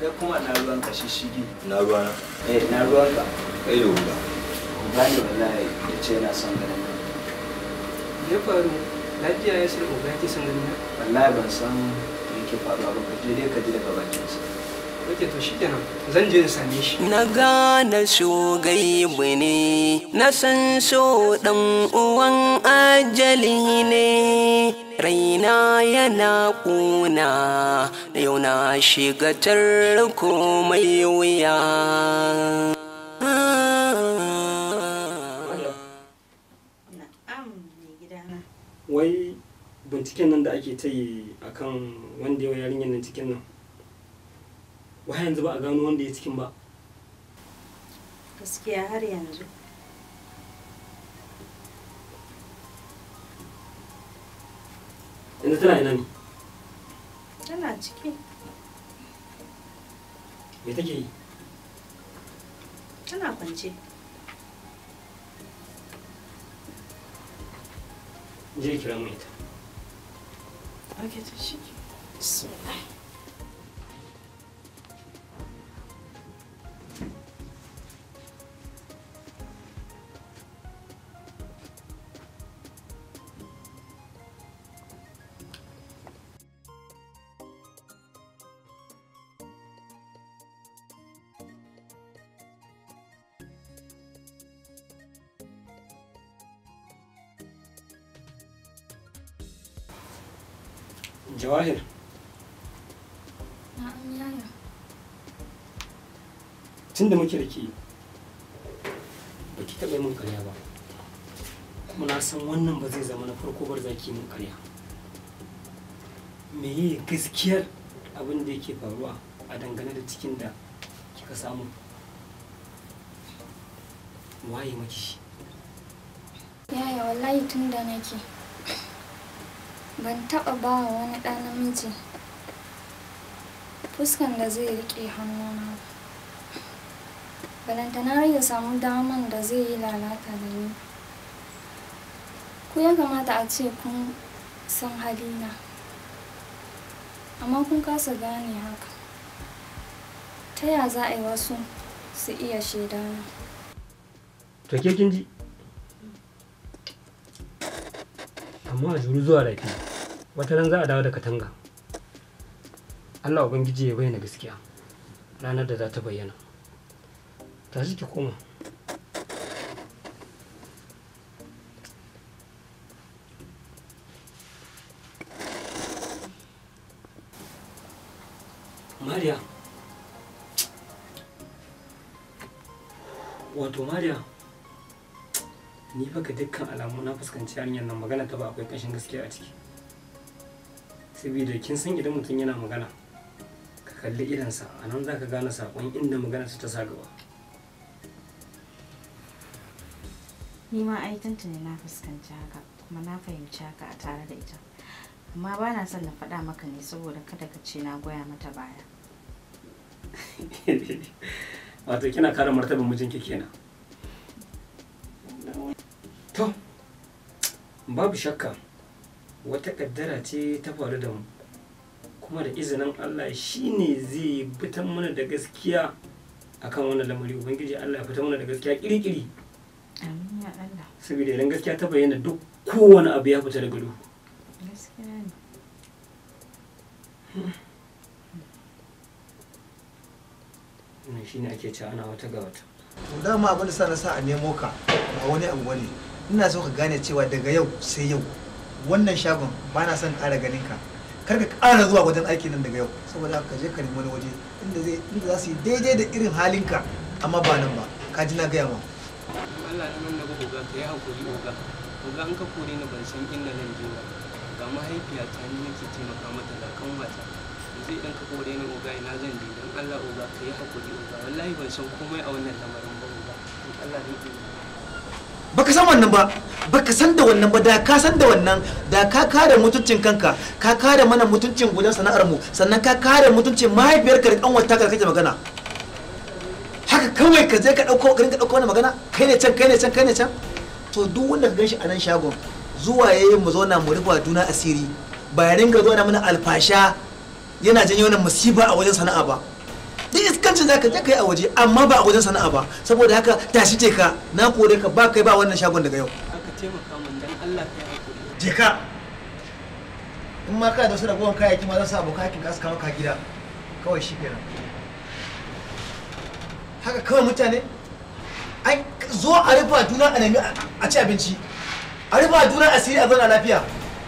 kai kuma na ruwan ka shishigi na ruwa na. eh na ruwan ka kai da wuga uba ne wallahi ya ce yana son ganin ka me faru lafiya ya sai uba ya ke son ganin ka wallahi ban san me yake faruwa ba ka je dai ka ji daga bakin sa na gane shugaibu ne na san so dan uwan ajali ne raina yana kuna yau na shiga tarko mai wuya wai binciken nan da ake ta yi akan wanda yau yarinyar nan cikin nan ba yanzu ba a gano wanda ya cikin ba gaskiya har yanzu yanzu tana ina ne tana ciki me take yi tana kwance je kira mai ta ok to shi jawahir tun da muke da ke ba ki taɓa mun karya ba kuma na san wannan ba zai zama na farko bar zaki mun karya me yi gaskiyar abin da yake faruwa a dangane da cikin da kika samu waye maki shi yaya wallahi tun da nake ban taɓa ba wani ɗan namiji fuskan da zai riƙe hannuna na rage samu daman da zai yi lalata da ni ku ya kamata a ce kun san halina amma kun kasa gane haka ta ya za a yi wasu su iya shaidana to ke kin ji amma a juru zuwa lafiya wata ran za a dawo da katanga allah ubangiji ya bayyana gaskiya ranar da za ta bayyana tashi ki koma Mariya. Wato Mariya. Ni baka dukkan alamu na fuskanci hanyar nan magana ta ba akwai kashin gaskiya a ciki. saboda kin san idan mutum yana magana ka kalli irinsa a nan za ka gane saƙon inda magana ta sa gaba ni ma ai ne na fuskanci haka kuma na fahimci haka a tare da ita amma ba na son na faɗa maka ne saboda kada ka ce na goya mata baya wato kina kara martaban mijinki kenan to babu shakka wata kaddara ce ta faru da mu kuma da izinin Allah shine zai fitan mana da gaskiya akan wannan lamari ubangiji Allah ya fitan mana da gaskiya kirikiri saboda idan gaskiya ta bayyana duk kowane abu ya fita daga duhu wannan shine ake ci ana wata ga wata dama abin da sa na sa a nemo ka ba wani abu ne ina so ka gane cewa daga yau sai yau wannan shagon ba na son ƙara ganin ka kar ka ƙara zuwa wajen aiki nan daga yau saboda ka je ka nemi wani waje inda zai inda za su yi daidai da irin halinka amma ba nan ba ka ji na gaya ma Allah na nan daga oga ka yi hakuri oga oga an ka kore ni ban san inda zan je ba ga mahaifiya ta ni nake taimaka mata da kan wata yanzu idan ka kore ni oga ina zan je dan Allah oga ka yi hakuri oga wallahi ban san komai a wannan lamarin ba oga Allah ya yi baka san wannan ba baka san da wannan ba da ka san da wannan da ka kare mutuncin kanka ka kare mana mutuncin gudan sana'ar mu sannan ka kare mutuncin mahaifiyarka da kanwar ka kake magana haka kawai ka je ka dauko ka rinka dauko wannan magana kai ne can kai ne can kai ne can to duk wanda ka ganshi a nan shagon zuwa yayin mu zauna mu rufa juna asiri ba ya ringa zauna mana alfasha yana janyo wannan musiba a wajen sana'a ba duk iskancin zaka je yi a waje amma ba a wajen sana'a ba saboda haka tashi je ka na kore ka ba kai ba wannan shagon daga yau aka taimaka min dan Allah kai hakuri ka in ma ka da wasu ragowar kayayyaki ma za su abokan aikin ka su kawo ka gida kawai shi kenan haka kawai mutane an zo a rufa juna a nemi a ci abinci a rufa juna siri a zauna lafiya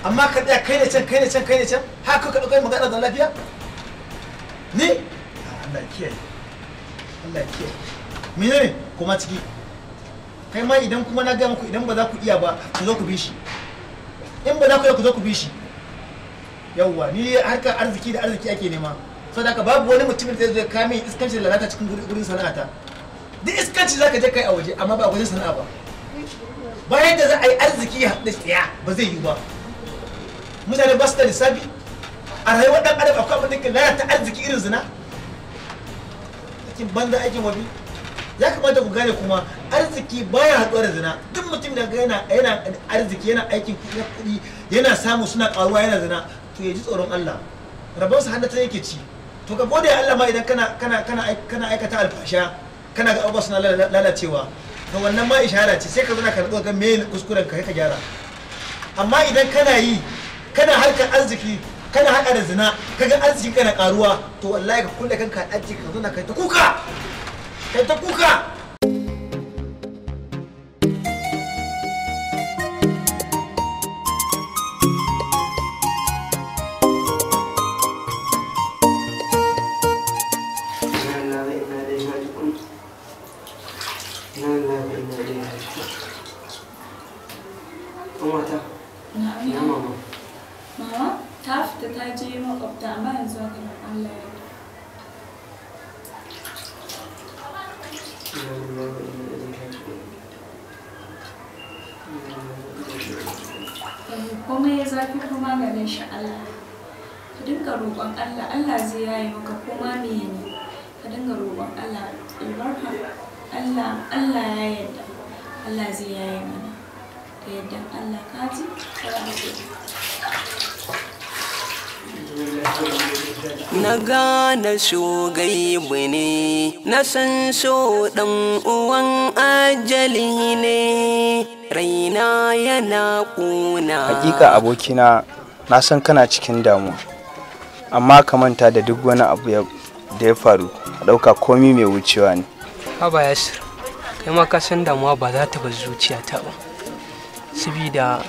amma ka tsaya kai ne can kai ne can kai ne can haka ka ɗauka magana da lafiya ni kiyaye kiyaye kuma ciki kai ma idan kuma na ga muku idan ba za ku iya ba ku zo ku bi shi in ba za ku iya ku zo ku bi shi yawwa ni harkar arziki da arziki ake nema saboda haka babu wani mutumin da zai zo ya kame iskanci da lalata cikin gurin sana'ata duk iskanci zaka je kai a waje amma ba wajen sana'a ba bayan da za a yi arziki ya haɗu tsaya ba zai yi ba mutane ba su da lissafi a rayuwar ɗan adam akwai abin da ke lalata arziki irin zina aikin banza aikin wani ya kamata ku gane kuma arziki baya haɗuwa da zina duk mutum da yana yana arziki yana aikin kuɗi yana samu suna ƙaruwa yana zina to ya ji tsoron Allah rabonsa hannata yake ci to ka gode Allah ma idan kana kana kana aikata alfasha kana ga abubuwa suna lalacewa to wannan ma ishara ce sai ka zo ka ga me kuskuren ka ka gyara amma idan kana yi kana harkar arziki kana haɗa da zina kaga arzikin kana karuwa to wallahi ka kulle kanka a ɗaji ka zo na kai ta kuka kai ta kuka gane shugaibu ne na san so ɗan uwan ajali ne raina yana kuna hakika abokina na san kana cikin damuwa amma ka manta da duk wani abu da ya faru a ɗauka komi mai wucewa ne haba yasir kai ma ka san damuwa ba za ta zuciya zuciyata ba da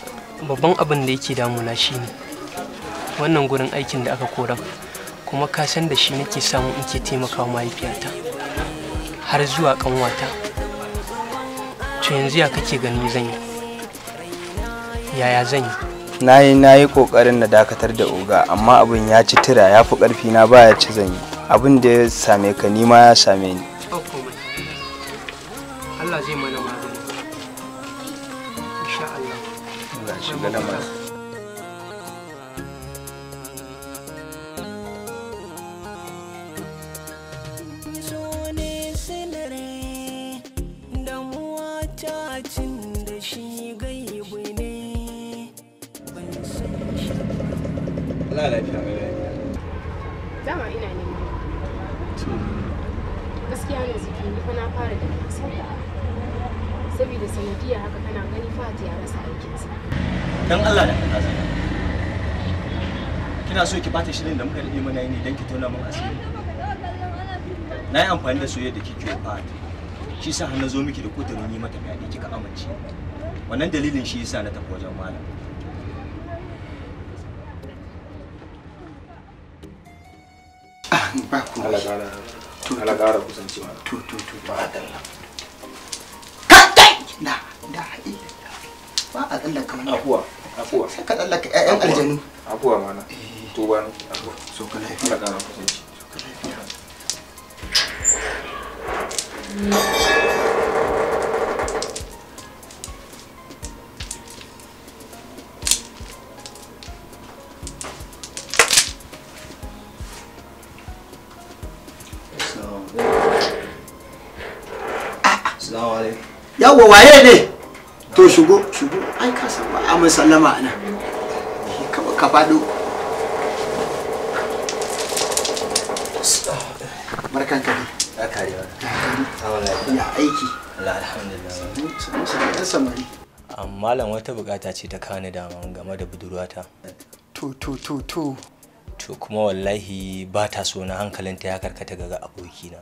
babban abin da yake damuna shine wannan gurin aikin da aka koran kuma ka san da shi nake samu in ke taimakawa mahaifiyata har zuwa kanwata to yanzu ya kake gani zan yi yaya zan yi na yi na yi kokarin na dakatar da oga amma abin ya ci tira ya fi karfi na baya ci zan yi abin da ya same ka ni ma ya same ni Allah zai mana magani insha Allah Allah shi bata shirin da muka daɗe muna yi ne don ki tona min asiri na yi amfani da soyayya da kike fat shi sa har na zo miki da kudurin yi mata fyaɗe kika amince wannan dalilin shi yasa na tafi wajen malam ah, ba ku alagara alagara kusancewa to to to ba dalla kadai na da haƙiƙa ba a tsallaka mana afuwa afuwa sai ka ƴaƴan aljanu afuwa mana eh tuban so so Yawwa waye ne? To shigo, shigo, ai ka san ba a sallama ana. Ka faɗo. barkan ka ne ya aiki alhamdulillah samari malam wata bukata ce ta kani dama game da budurwata to to to to to kuma wallahi ba ta so na hankalinta ya karkata ga abokina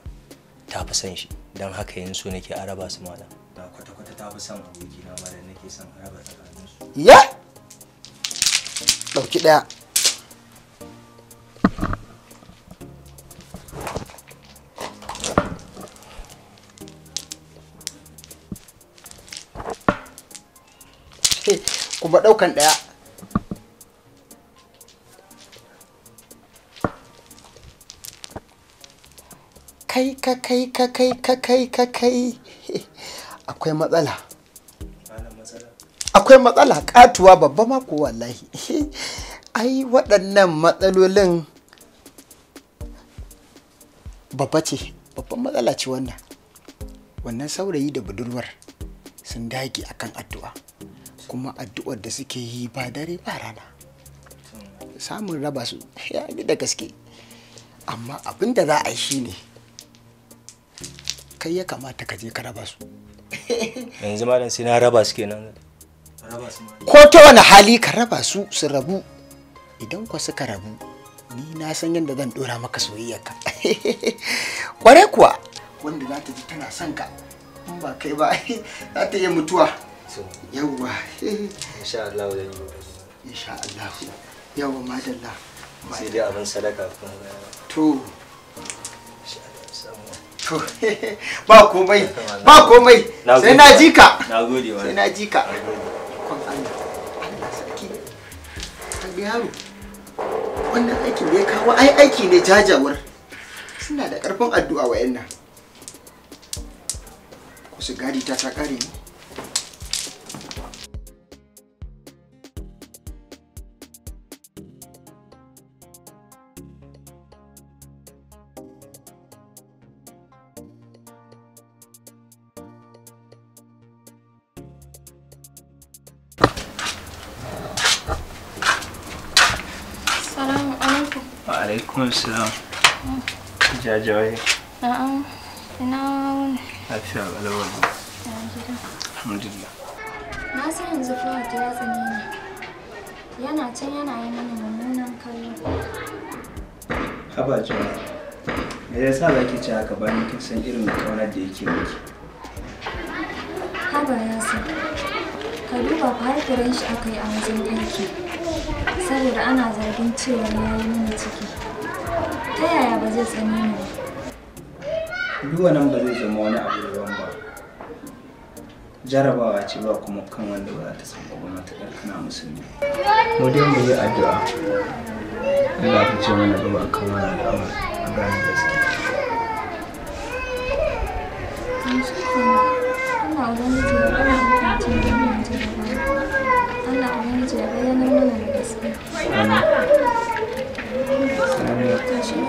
ta fi son shi don haka yin so nake araba su malam na kwata-kwata ta fi son abokina malam nake son araba su. ya ɗauki ɗaya kuma ɗaukan ɗaya kai ka kai ka kai ka kai ka kai akwai matsala akwai matsala katuwa babba ko wallahi ai waɗannan matsalolin babba ce babban matsala ce wannan wannan saurayi da budurwar sun dage akan addu'a kuma addu'ar da suke yi ba dare ba rana samun raba su ya ni da gaske amma abin da za a yi shine kai ya kamata ka je ka raba su yanzu malam sai na raba su kenan ko ta wani hali ka raba su su rabu idan kwa suka rabu ni na san yadda zan dora maka soyayyarka kware kuwa wanda za ta ji tana son ka in ba kai ba za ta iya mutuwa yawwa insha Allah zan yi insha Allah yawwa madalla sai dai abin sadaka kuma to to ba komai ba komai sai na ji ka nagode sai na ji ka Allah Allah sarki yaro wannan aikin da ya kawo ai aiki ne jajawar suna da karfin addu'a wa'annan ku su sigari ta ta kare ne Assalam. Jajaye. Na'am. Ina wani. Lafiya Alhamdulillah. Na san yanzu Fuad ya tsane ni. Yana can yana yi mana mummunan kallo. Haba jama'a. Me yasa za ki ci haka ni kin san irin kaunar da yake miki? Haba ya san. Ka duba fa har shi aka yi a wajen aiki. Saboda ana zargin cewa ya yi mini ciki. ta yaya ba zai tsani ni duk wannan ba zai zama wani abu daban ba jarabawa ce ba kuma kan wanda ba za ta san ba matuƙar kana musulmi mu dai mu yi addu'a Allah ya ce mana gaba kan wannan al'amari a gane gaskiya Allah ubangiji ya ƙara mutuncin da mutunci da Allah ubangiji ya bayyana mana da gaskiya 在吃呢？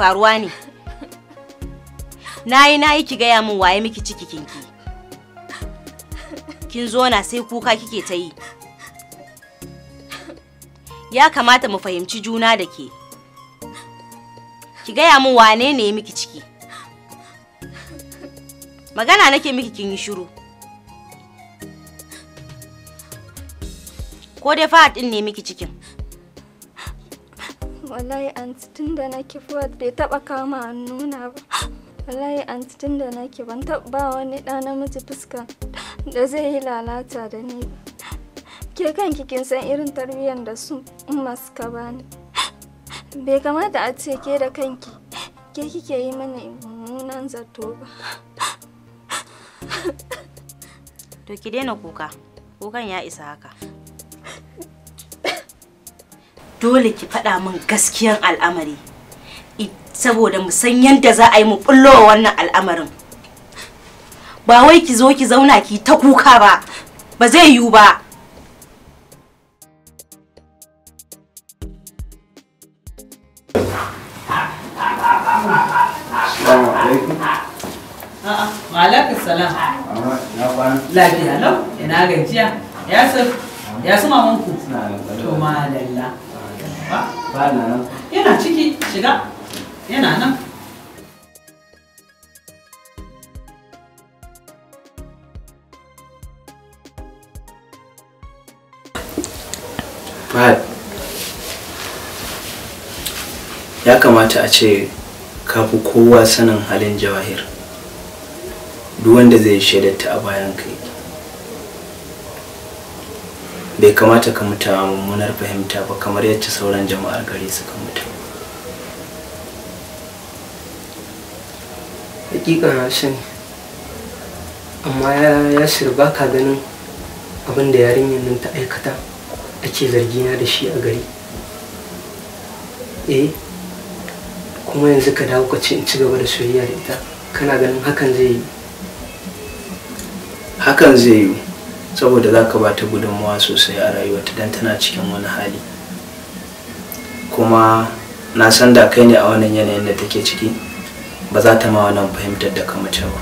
faruwa ne nayi nayi ki gaya min waye miki ciki kinki kin zo na sai kuka kike ta yi ya kamata mu fahimci juna da ke ki gaya min wane ne miki ciki magana nake miki kin yi shiru ko dai fahad din ne miki cikin wallahi anti tun da nake fuwar bai taba kama nuna ba wallahi anti tun da nake ban taba wani ɗa namiji fuska da zai yi lalata da ni ba ke kanki kin san irin tarbiyyar da su umma suka bani bai kamata a ce ke da kanki ke kike yi mana mummunan zato ba to ki daina kuka kukan ya isa haka dole ki faɗa min gaskiyar al'amari saboda mu san yadda za a yi mu bullo wannan al'amarin ba wai ki zo ki zauna ki ta kuka ba ba zai yiwu ba Malakun salam. Lafiya lau, ina gajiya. Ya yasu mamanku. To madalla. Yana ciki shiga. Yana nan. Fahad, ya kamata a ce kafi kowa sanin halin jawahir, duk wanda zai shaidata a bayan kai. bai kamata ka mutu mummunar fahimta ba kamar yadda sauran jama'ar gari suka mutu hakikan harshen amma ya shirba ka ganin abin da yarinyar nan ta aikata ake zargina da shi a gari eh kuma yanzu ka dawo ka ce in ci gaba da soyayya da ita kana ganin hakan zai yi hakan zai yi saboda za ka ba ta gudunmawa sosai a rayuwarta don tana cikin wani hali kuma na san da kai ne a wannan yanayin da take ciki ba za ta ma wannan fahimtar da kamace ba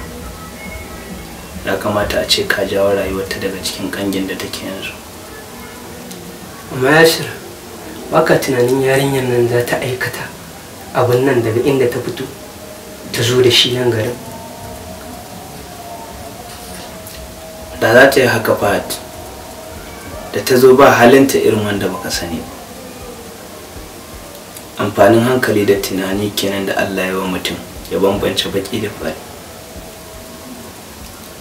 ya kamata a ce ka jawo rayuwarta daga cikin kangin da take yanzu amma baka tunanin yarinyar nan za ta aikata abin nan daga inda ta fito ta zo da shi nan garin da za ta yi haka fahad da ta zo ba halinta irin wanda baka sani ba amfanin hankali da tunani kenan da allah ya wa mutum ya bambance baki da fari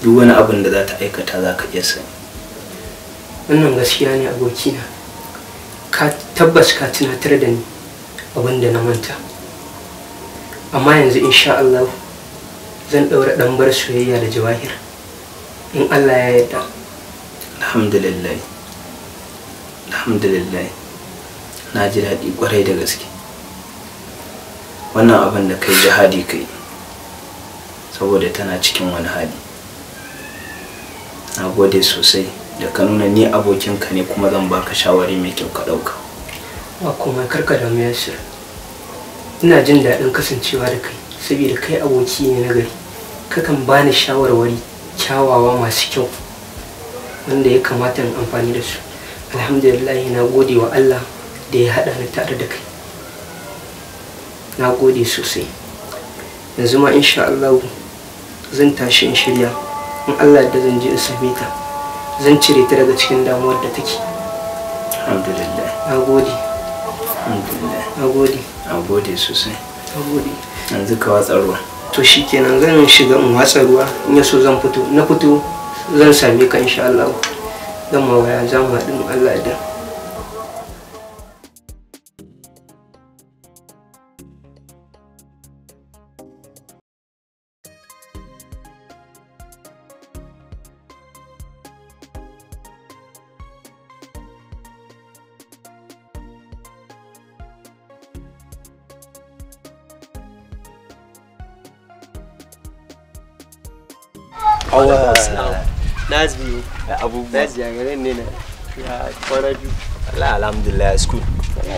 duk wani abin da za ta aikata za ka iya sani wannan gaskiya ne abokina ka tabbas ka tunatar da ni abin da na manta amma yanzu insha Allah zan ɗaura ɗan bar soyayya da jawahir in Allah ya yarda alhamdulillah alhamdulillah na ji daɗi kwarai da gaske wannan abin da kai jihadi kai saboda tana cikin wani hali na gode sosai da ka nuna ni abokinka ne kuma zan baka shawari mai kyau ka ɗauka ba kuma karka da mu yasir ina jin daɗin kasancewa da kai saboda kai aboki ne na gari kakan bani shawarwari kyawawa masu kyau wanda ya kamata in amfani da su alhamdulillah na gode wa allah da ya haɗa ni tare da kai na gode sosai yanzu ma insha allah zan tashi in shirya in allah da zan je in same ta zan cire ta daga cikin damuwar da take alhamdulillah na gode alhamdulillah na gode na gode sosai na gode yanzu ka watsa ruwa to shi shikenan zan shiga in watsa ruwa in yaso zan fito na fito zan same ka insha Allah zan mawaya zan mu haɗu Allah idan awa nazibu Allah alhamdulillah school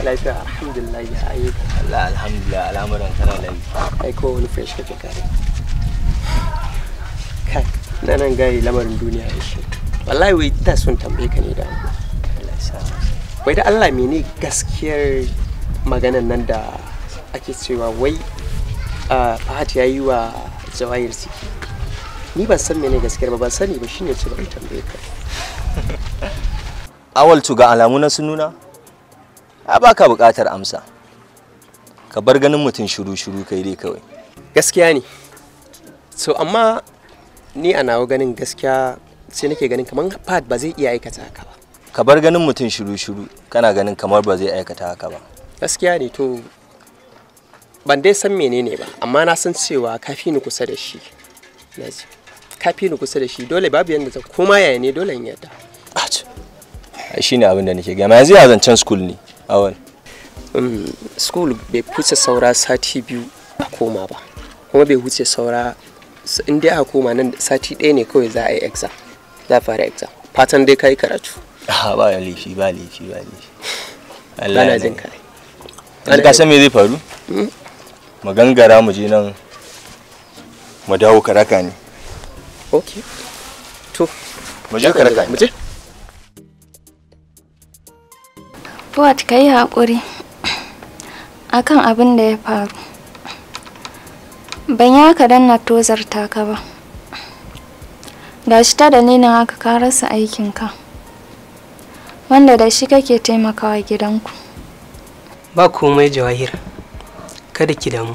lafiya alhamdulillah ya Allah alhamdulillah al'amuran kana ai ko wani fresh kake kare kai nan lamarin duniya ya shi wallahi wai ta son tambaye ka ne da wai da Allah gaskiyar maganan nan da ake cewa wai ah, Fahad ya yi wa jawahir ciki ni ban san mene gaskiyar ba ban sani ba shine ce ban tambaye ka awal ga alamu na sun nuna a baka buƙatar amsa ka bar ganin mutum shiru-shiru kai dai kawai gaskiya ne so amma ni a nawa ganin gaskiya sai nake ganin kamar fat ba zai iya aikata haka ba ka bar ganin mutum shiru-shiru kana ganin kamar ba zai aikata haka ba gaskiya ne to ban dai san menene ba amma na san cewa kafi ni kusa da shi na ka fi ni kusa da shi dole babu yanda zan koma yaya ne dole in yadda shi ne abin da nake gama yanzu ya zancen school ne awal um, school bai huce saura sati biyu a koma ba kuma bai huce saura in dai aka koma nan sati ɗaya ne kawai za a yi exam za a fara exam fatan dai ka yi karatu ah, ba lifi ba lifi ba lifi Allah ya jin kare an ka san me zai faru hmm? mu gangara mu je nan mu dawo karaka ne ok to mu ka raka mu Fuad ka yi haƙuri akan abin da ya faru ban yi ka danna tozarta ka ba ga shi ta dalilin haka ka rasa aikinka wanda da shi kake taimakawa gidanku ba komai jawahir kada ki damu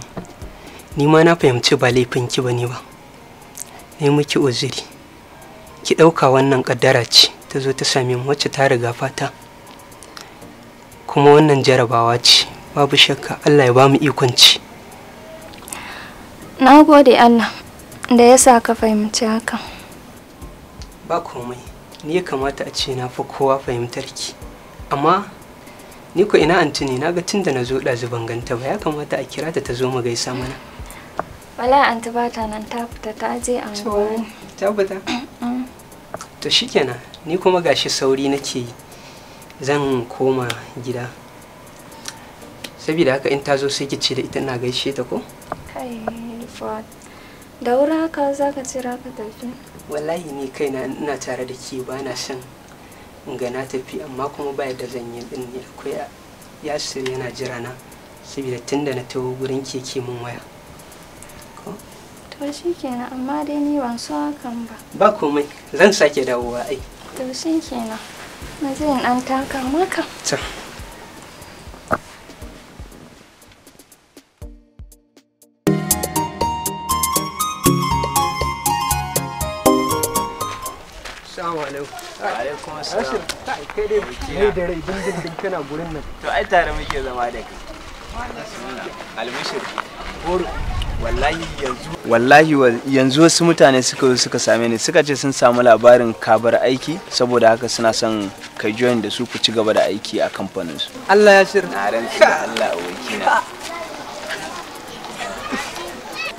ni ma na fahimci ba ki ba ba ne miki uzuri ki ɗauka wannan ƙaddara ce ta zo ta same mu wacce ta riga fata kuma wannan jarabawa ce babu shakka allah ya ba mu ikon ci na gode allah da ya sa ka fahimci haka ba komai ni ya kamata a ce na fi kowa fahimtar ki amma ni ko ina antini na ga tun na zo ɗazu ban ganta ba ya kamata a kira ta ta zo mu gaisa mana Wala an ba ta nan ta fita ta je an ta fita. To shikenan ni kuma gashi sauri nake zan koma gida. Saboda haka in ta zo sai ki ce da ita na gaishe ta ko? Kai Da wuri haka za ka jira ka tafi. Wallahi ni kaina ina tare da ke ba na son in ga na tafi amma kuma ba da zan yi din ne akwai Yasir yana jira na saboda tunda na tawo gurin keke mun waya. to shi kenan amma dai ni ban so hakan ba ba komai zan sake dawowa ai to kenan na je in an taka maka to alaikum assalam kai dai da rai kana gurin nan to ai tare muke zama da kai almishir wallahi yanzu wasu mutane suka zo suka same ni suka ce sun samu labarin kabar aiki saboda haka suna son ka join da su ku ci gaba da aiki a kamfanin su Allah ya shirya na ran Allah abokina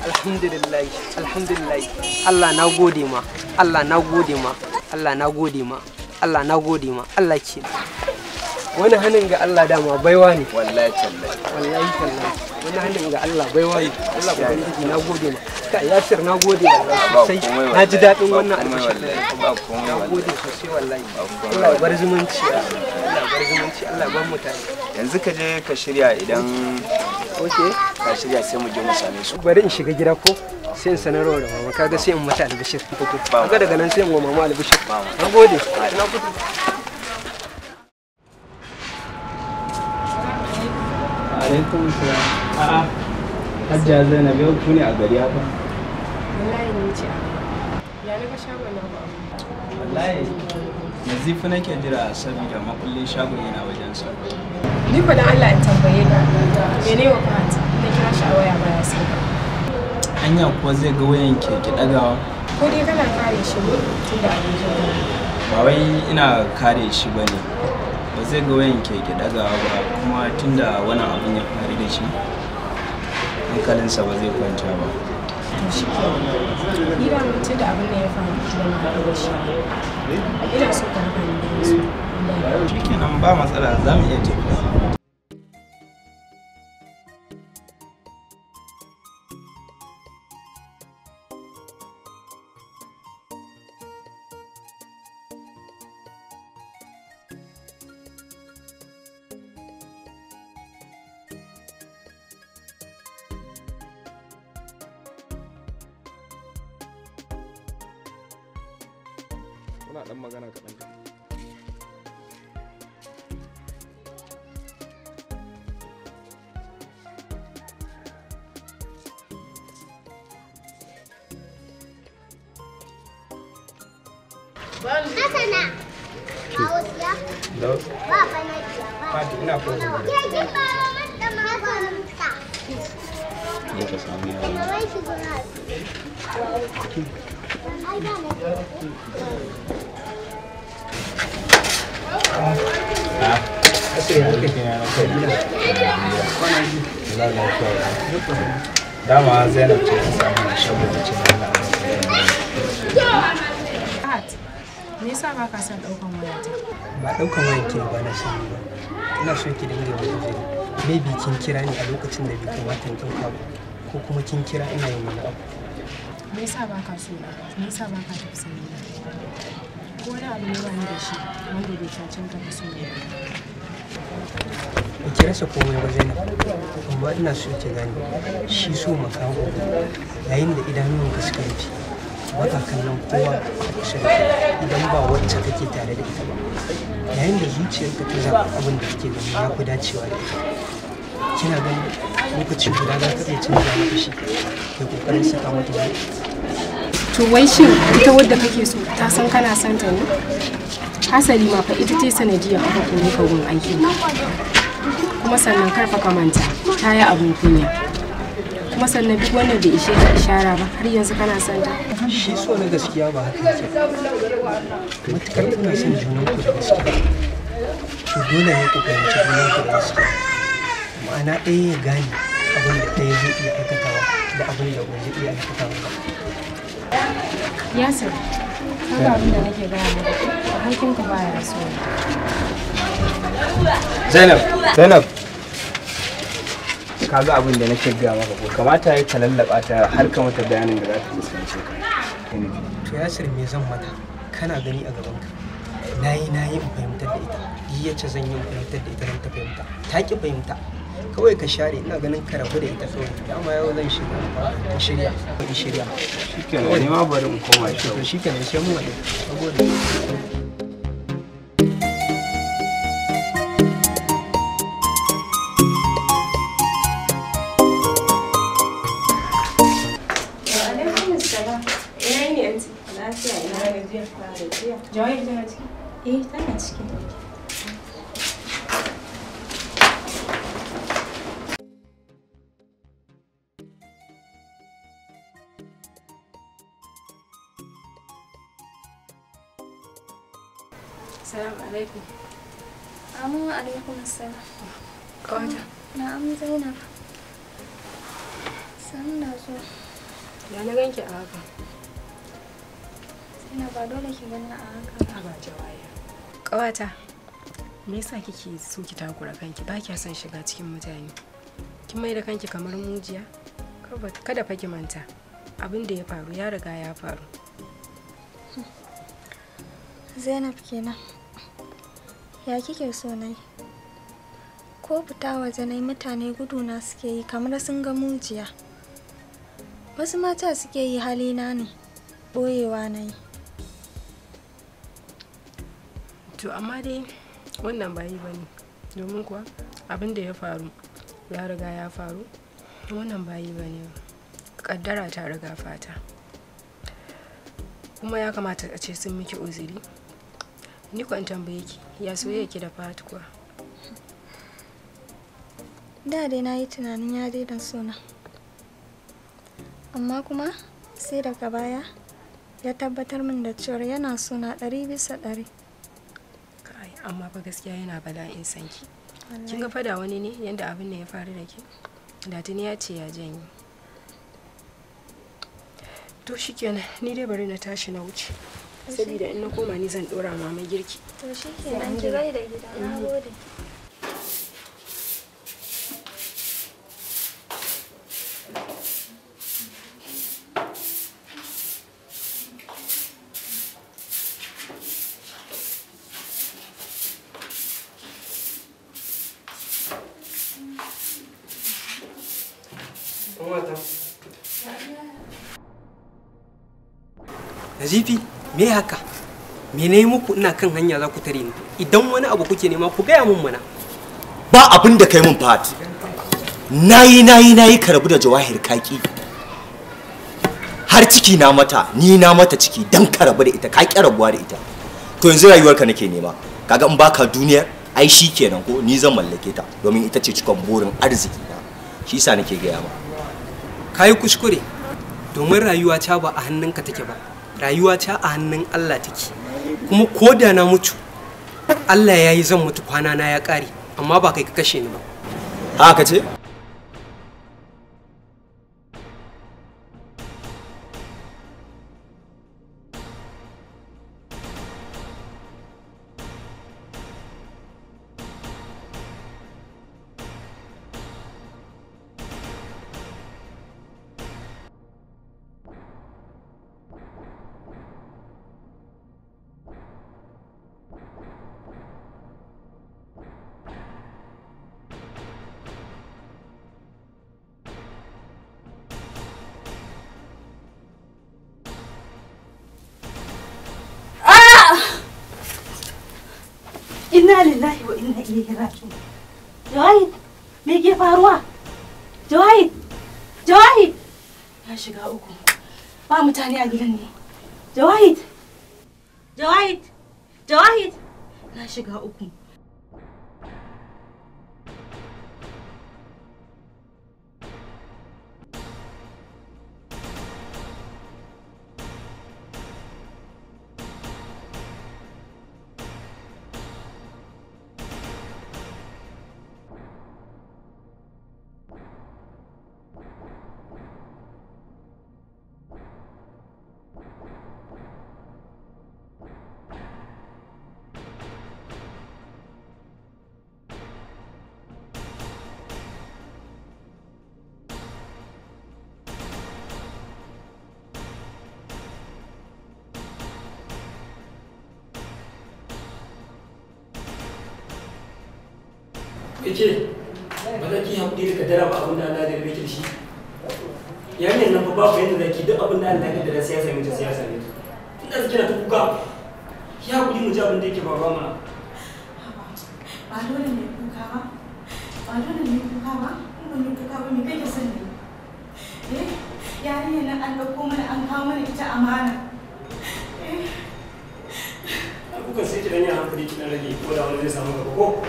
alhamdulillah alhamdulillah Allah na gode ma Allah na gode ma Allah na gode ma Allah na gode ma Allah ke wani hannun ga Allah dama baiwa ne wallahi tallahi wallahi tallahi wani hannun ga Allah baiwa ne Allah ubangiji na gode ma ka yasir na gode sosai na ji daɗin wannan albishir na gode sosai wallahi Allah ya bar zumunci Allah ya bar zumunci Allah ya bar mutane yanzu ka je ka shirya idan okay ka shirya sai mu je mu same su bari in shiga gida ko sai in sanarwa da mama kaga sai in mata albishir kaga daga nan sai in wa mama albishir na gode na gode alaikum salam a'a hajjia zainab yau ku ne a gari haka wallahi ne ce ya na ga shagon nan ba wallahi nazifu nake jira saboda makullin shagon yana wajen sa ni fa dan Allah in tambaye ka me ne wa fata na kira shi a waya ba ya sai ba hanya kuwa zai ga wayan ke ki dagawa ko dai kana kare shi ne tun da abin ba wai ina kare shi bane zai ga wayan ke ke dagawa ba kuma tunda wannan abin ya faru da shi hankalinsa ba zai kwanta ba shi ni da da abin da faru da shi ina so ka da su ba matsala za mu iya tafiya kira ina yin wani abu me yasa ba ka so na me yasa ba ka tafsiri ni? ko wani abu ne wani da shi wanda bai cancanta ka so ne ba ki rasa komai ba zai amma ina so ki gani shi so makawo yayin da idanunka suka rufe wata kallon kowa a kusa da idan ba wacce kake tare da ita ba yayin da zuciyarka ta zaɓa abin da kake gani ya fi dacewa da ita kina ganin lokaci guda za ta iya cin da shi da kokarin saka mata wani to wai shin ita wadda kake so ta san kana son ta ne hasali ma fa ita ce sanadiyar aka kore ka gun aiki kuma sannan karfa ka manta ta yi abin kunya kuma sannan duk wannan bai ishe ka ishara ba har yanzu kana son ta shi so na gaskiya ba haka ce. matukar tana son junan ku da gaskiya to dole ne ku fahimci junan ku da gaskiya ma'ana ɗaya ya gane abin da ɗaya zai iya aikatawa da abin da wani iya aikatawa ba Yasir, kaga abin da nake gaya maka abokin ka baya so Zainab Zainab kaga abin da nake gaya maka ko kamata ya ta lallaɓa ta har ka mata bayanin da za ta fuskanci ka to Yasir me zan mata kana gani a gaban ka na yi na yi fahimtar da ita yi yace zan yi fahimtar da ita don ta fahimta ta ki fahimta kawai ka share ina ganin ka da ita kawai dama yau zan shiga ka shirya ka shirya shikenan ne ma bari in koma shi to shikenan sai mu wani saboda Joy, tana ciki. Eh, tana ciki. alaikum. Amin alaikum salam. Kawata. Na'am Zainab. San da zo. Ya na ganki a haka. Zainab ba dole ki gani a haka. Ta ba jawaya. Kawata. Me yasa kike so ki takura kanki? Ba kya son shiga cikin mutane. Kin mai da kanki kamar mujiya? Kada fa ki manta. Abin da ya faru ya riga ya faru. Zainab kenan. ya kike so nai ko fita waje nai mutane guduna suke yi kamar sun ga mujiya wasu mata suke yi halina ne boyewa na to amma dai wannan ba yi ba ne domin kuwa abin da ya faru ya riga ya faru wannan ba yi ba ne kaddara ta riga fata kuma ya kamata a ce sun miki uzuri ni kwan tambaye ki ya soya ki da fatuka. kuwa da dai na yi tunanin ya daina suna amma kuma sai daga baya ya tabbatar min da cewar yana suna ɗari bisa ɗari kai amma ba gaskiya yana bala'in sanki kin ga fada wani ne yadda abin da ya faru da ke da tuni ya ce ya janye to shikenan ni dai bari na tashi na wuce saboda in na koma ni zan dora mama girki to shikenan ki bai da gida na gode Vas-y, me haka me ne muku ina kan hanya za ku tare ni idan wani abu kuke nema ku gaya mun mana ba abin da kai mun fat nayi nayi nayi karabu da jawahir kaki har ciki na mata ni na mata ciki dan karabu da ita kaki rabuwa da ita to yanzu rayuwarka nake nema kaga in baka duniya ai shikenan kenan ko ni zan mallake ta domin ita ce cikon burin arziki na shi yasa nake gaya ma kai kuskure domin rayuwa ta ba a hannunka take ba rayuwa rayuwata a hannun Allah take kuma ko da na mutu Allah ya yi zan mutu kwana na ya kare amma ba kai ka kashe ni ba haka ce ya ce ba za ki haƙuri da kaddara ba abin da Allah da rubuta shi yarinyar nan fa ba ku yadda zaki duk abin da Allah ya kaddara siyasa mai same ta sai ya same in da kina ta kuka ya haƙuri mu ji abin da yake ba ba mana ba dole ne kuka ba ba dole ne kuka ba in ban yi kuka ba me kake son ne eh ya yarinyar na an ɗauko mana an kawo mana ita amana eh kuka sai ki dan hankali ki dan rage ko da wani zai samu gaba ko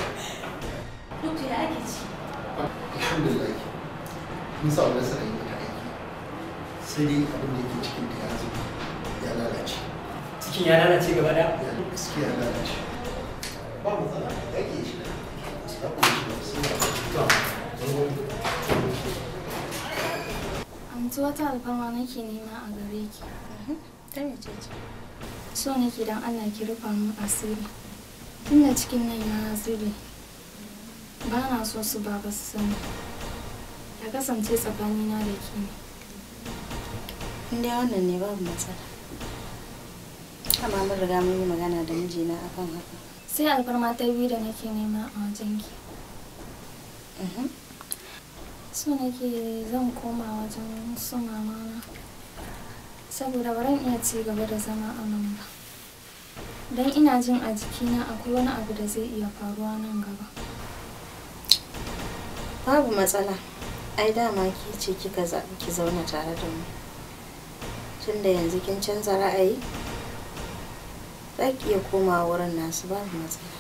nisa wannan sana yi mata aiki sai dai abin da yake cikin ta ya zuba ya lalace cikin ya lalace gaba da gaskiya ya lalace ba matsala da ake shi da ake shi da su Amtu wata alfarma nake nema a gare ki. Ta yace ce. So nake dan Allah ki rufa min asiri. Tunda cikin nan ya zube. Ba na so su baba su sani. ta kasance tsakanina da ke inda wannan ne babu matsala kama mun riga mun yi magana da mijina akan haka sai alfarma ta biyu da nake nema a wajen ki mhm. so nake zan koma wajen su mamana saboda ba ran iya ci gaba da zama a nan ba don ina jin a jikina akwai wani abu da zai iya faruwa nan gaba babu matsala ai dama ke ce kika zaɓi ki zauna tare da mu tunda yanzu kin canza ra'ayi za ki iya komawa wurin nasu babu matsala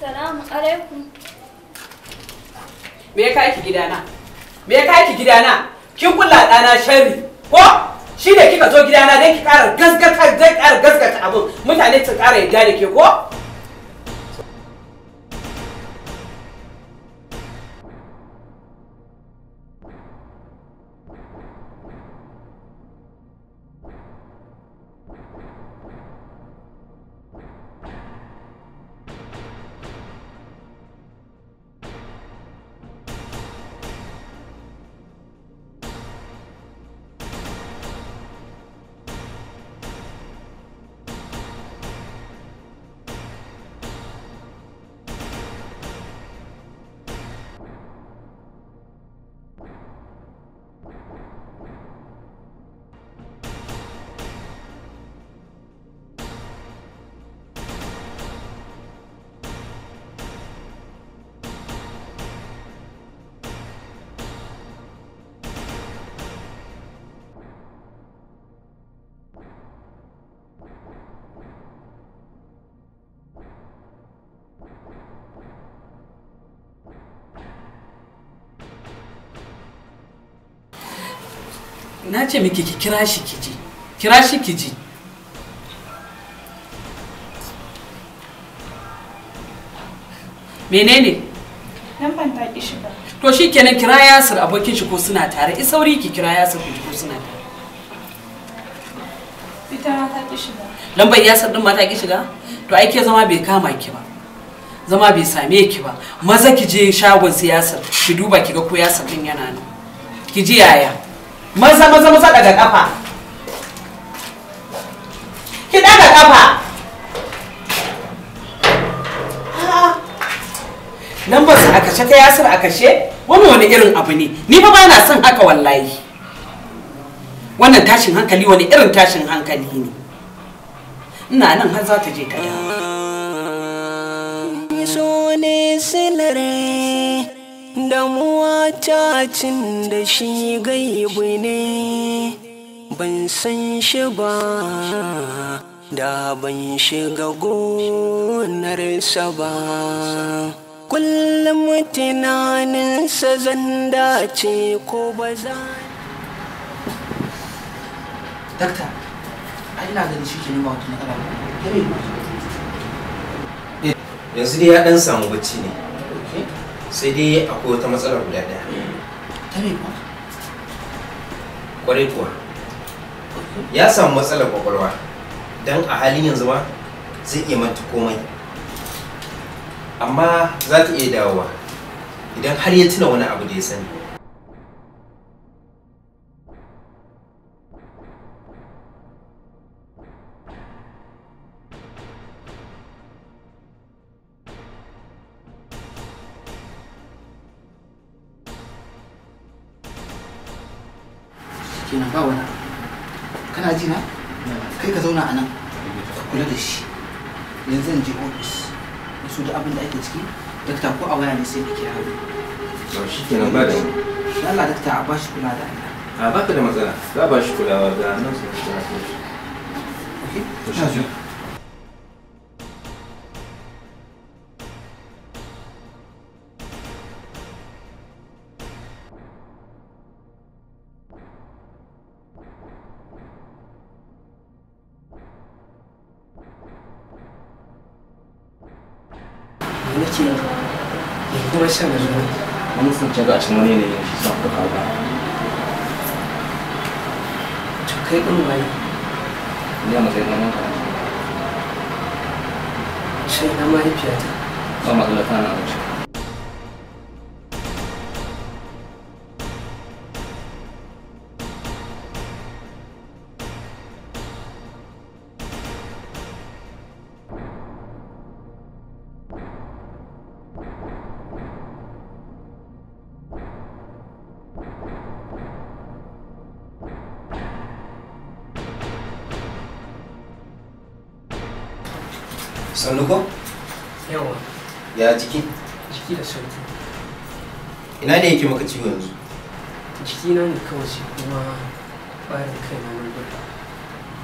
Salamu alaikum. Me ya kai ki gidana? Me ya kai ki gidana? Kin kula ɗana sharri ko? shi ne kika zo gidana don ki ƙara gaskata don kara gaskata mutane su ƙara yadda da ke ko na ce miki ki kira shi ki ji kira shi ki ji menene nan ban ta ki shiga to shikenan kira Yasir abokin shi ko suna tare i sauri ki kira Yasir ku ko suna tare ita ma ta ki shiga lambar Yasir din ma ta ki shiga to ai ke zama bai kama ki ba zama bai same ki ba maza ki je shagon su ki duba ki ga ko Yasir din yana nan ki ji yaya maza maza maza daga kafa ki daga kafa nan ba a kashe ta yasir a kashe wani wani irin abu ne ni fa ba na son haka wallahi wannan tashin hankali wani irin tashin hankali ne ina nan har za ta je ta damuwa ta cin da shi gaibu ne ban san shi ba da ban shiga gonarsa ba kullum tunaninsa zan dace ko ba za dakta ina ganin shi ke nuna wata matsala eh, yanzu dai ya ɗan samu bacci ne sai dai akwai wata matsala guda ɗaya ne kuwa kwarai kuwa ya samu matsalar kwakwalwa don a halin yanzu ma zai iya manta komai amma za ta iya dawowa idan har ya tuna wani abu da ya sani kenan ba wani kana ji na kai ka zauna a nan ka kula da shi yanzu zan je ofis da su da abin da ake ciki dakta ko a waya ne sai ka kira ni shi kenan ba da wani Allah dakta a shi kula da Allah a baka da matsala za ba shi kulawa da nan su da shi testimony da yake maka ciwo yanzu na ne kawai shi kuma bayan kai na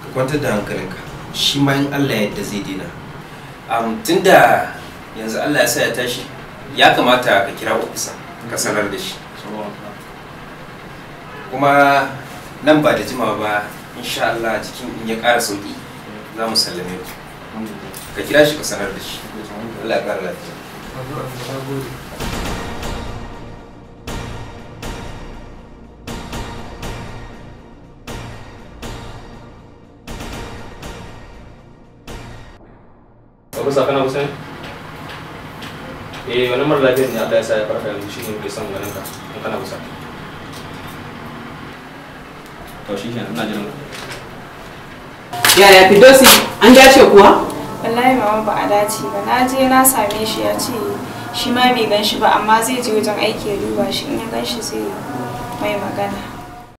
ka kwantar da hankalinka shi ma in Allah yadda zai dina um, tunda yanzu Allah ya sa ya tashi ya kamata ka kira ofisa ka sanar da shi kuma nan ba da jima ba insha Allah jikin in ya ƙara sauki za mu sallame ku ka kira shi ka sanar da shi Allah ya ƙara lafiya wasu sa kana kusa eh wani mara lafiyar ne Allah ya sa ya farka yanzu shi ne muke son ganin ka in kana kusa to shi kenan ina jiran yaya fidosi an dace kuwa wallahi mama ba a dace ba na je na same shi ya ce shi ma bai gan shi ba amma zai je wajen aiki ya duba shi in ya gan shi zai mai magana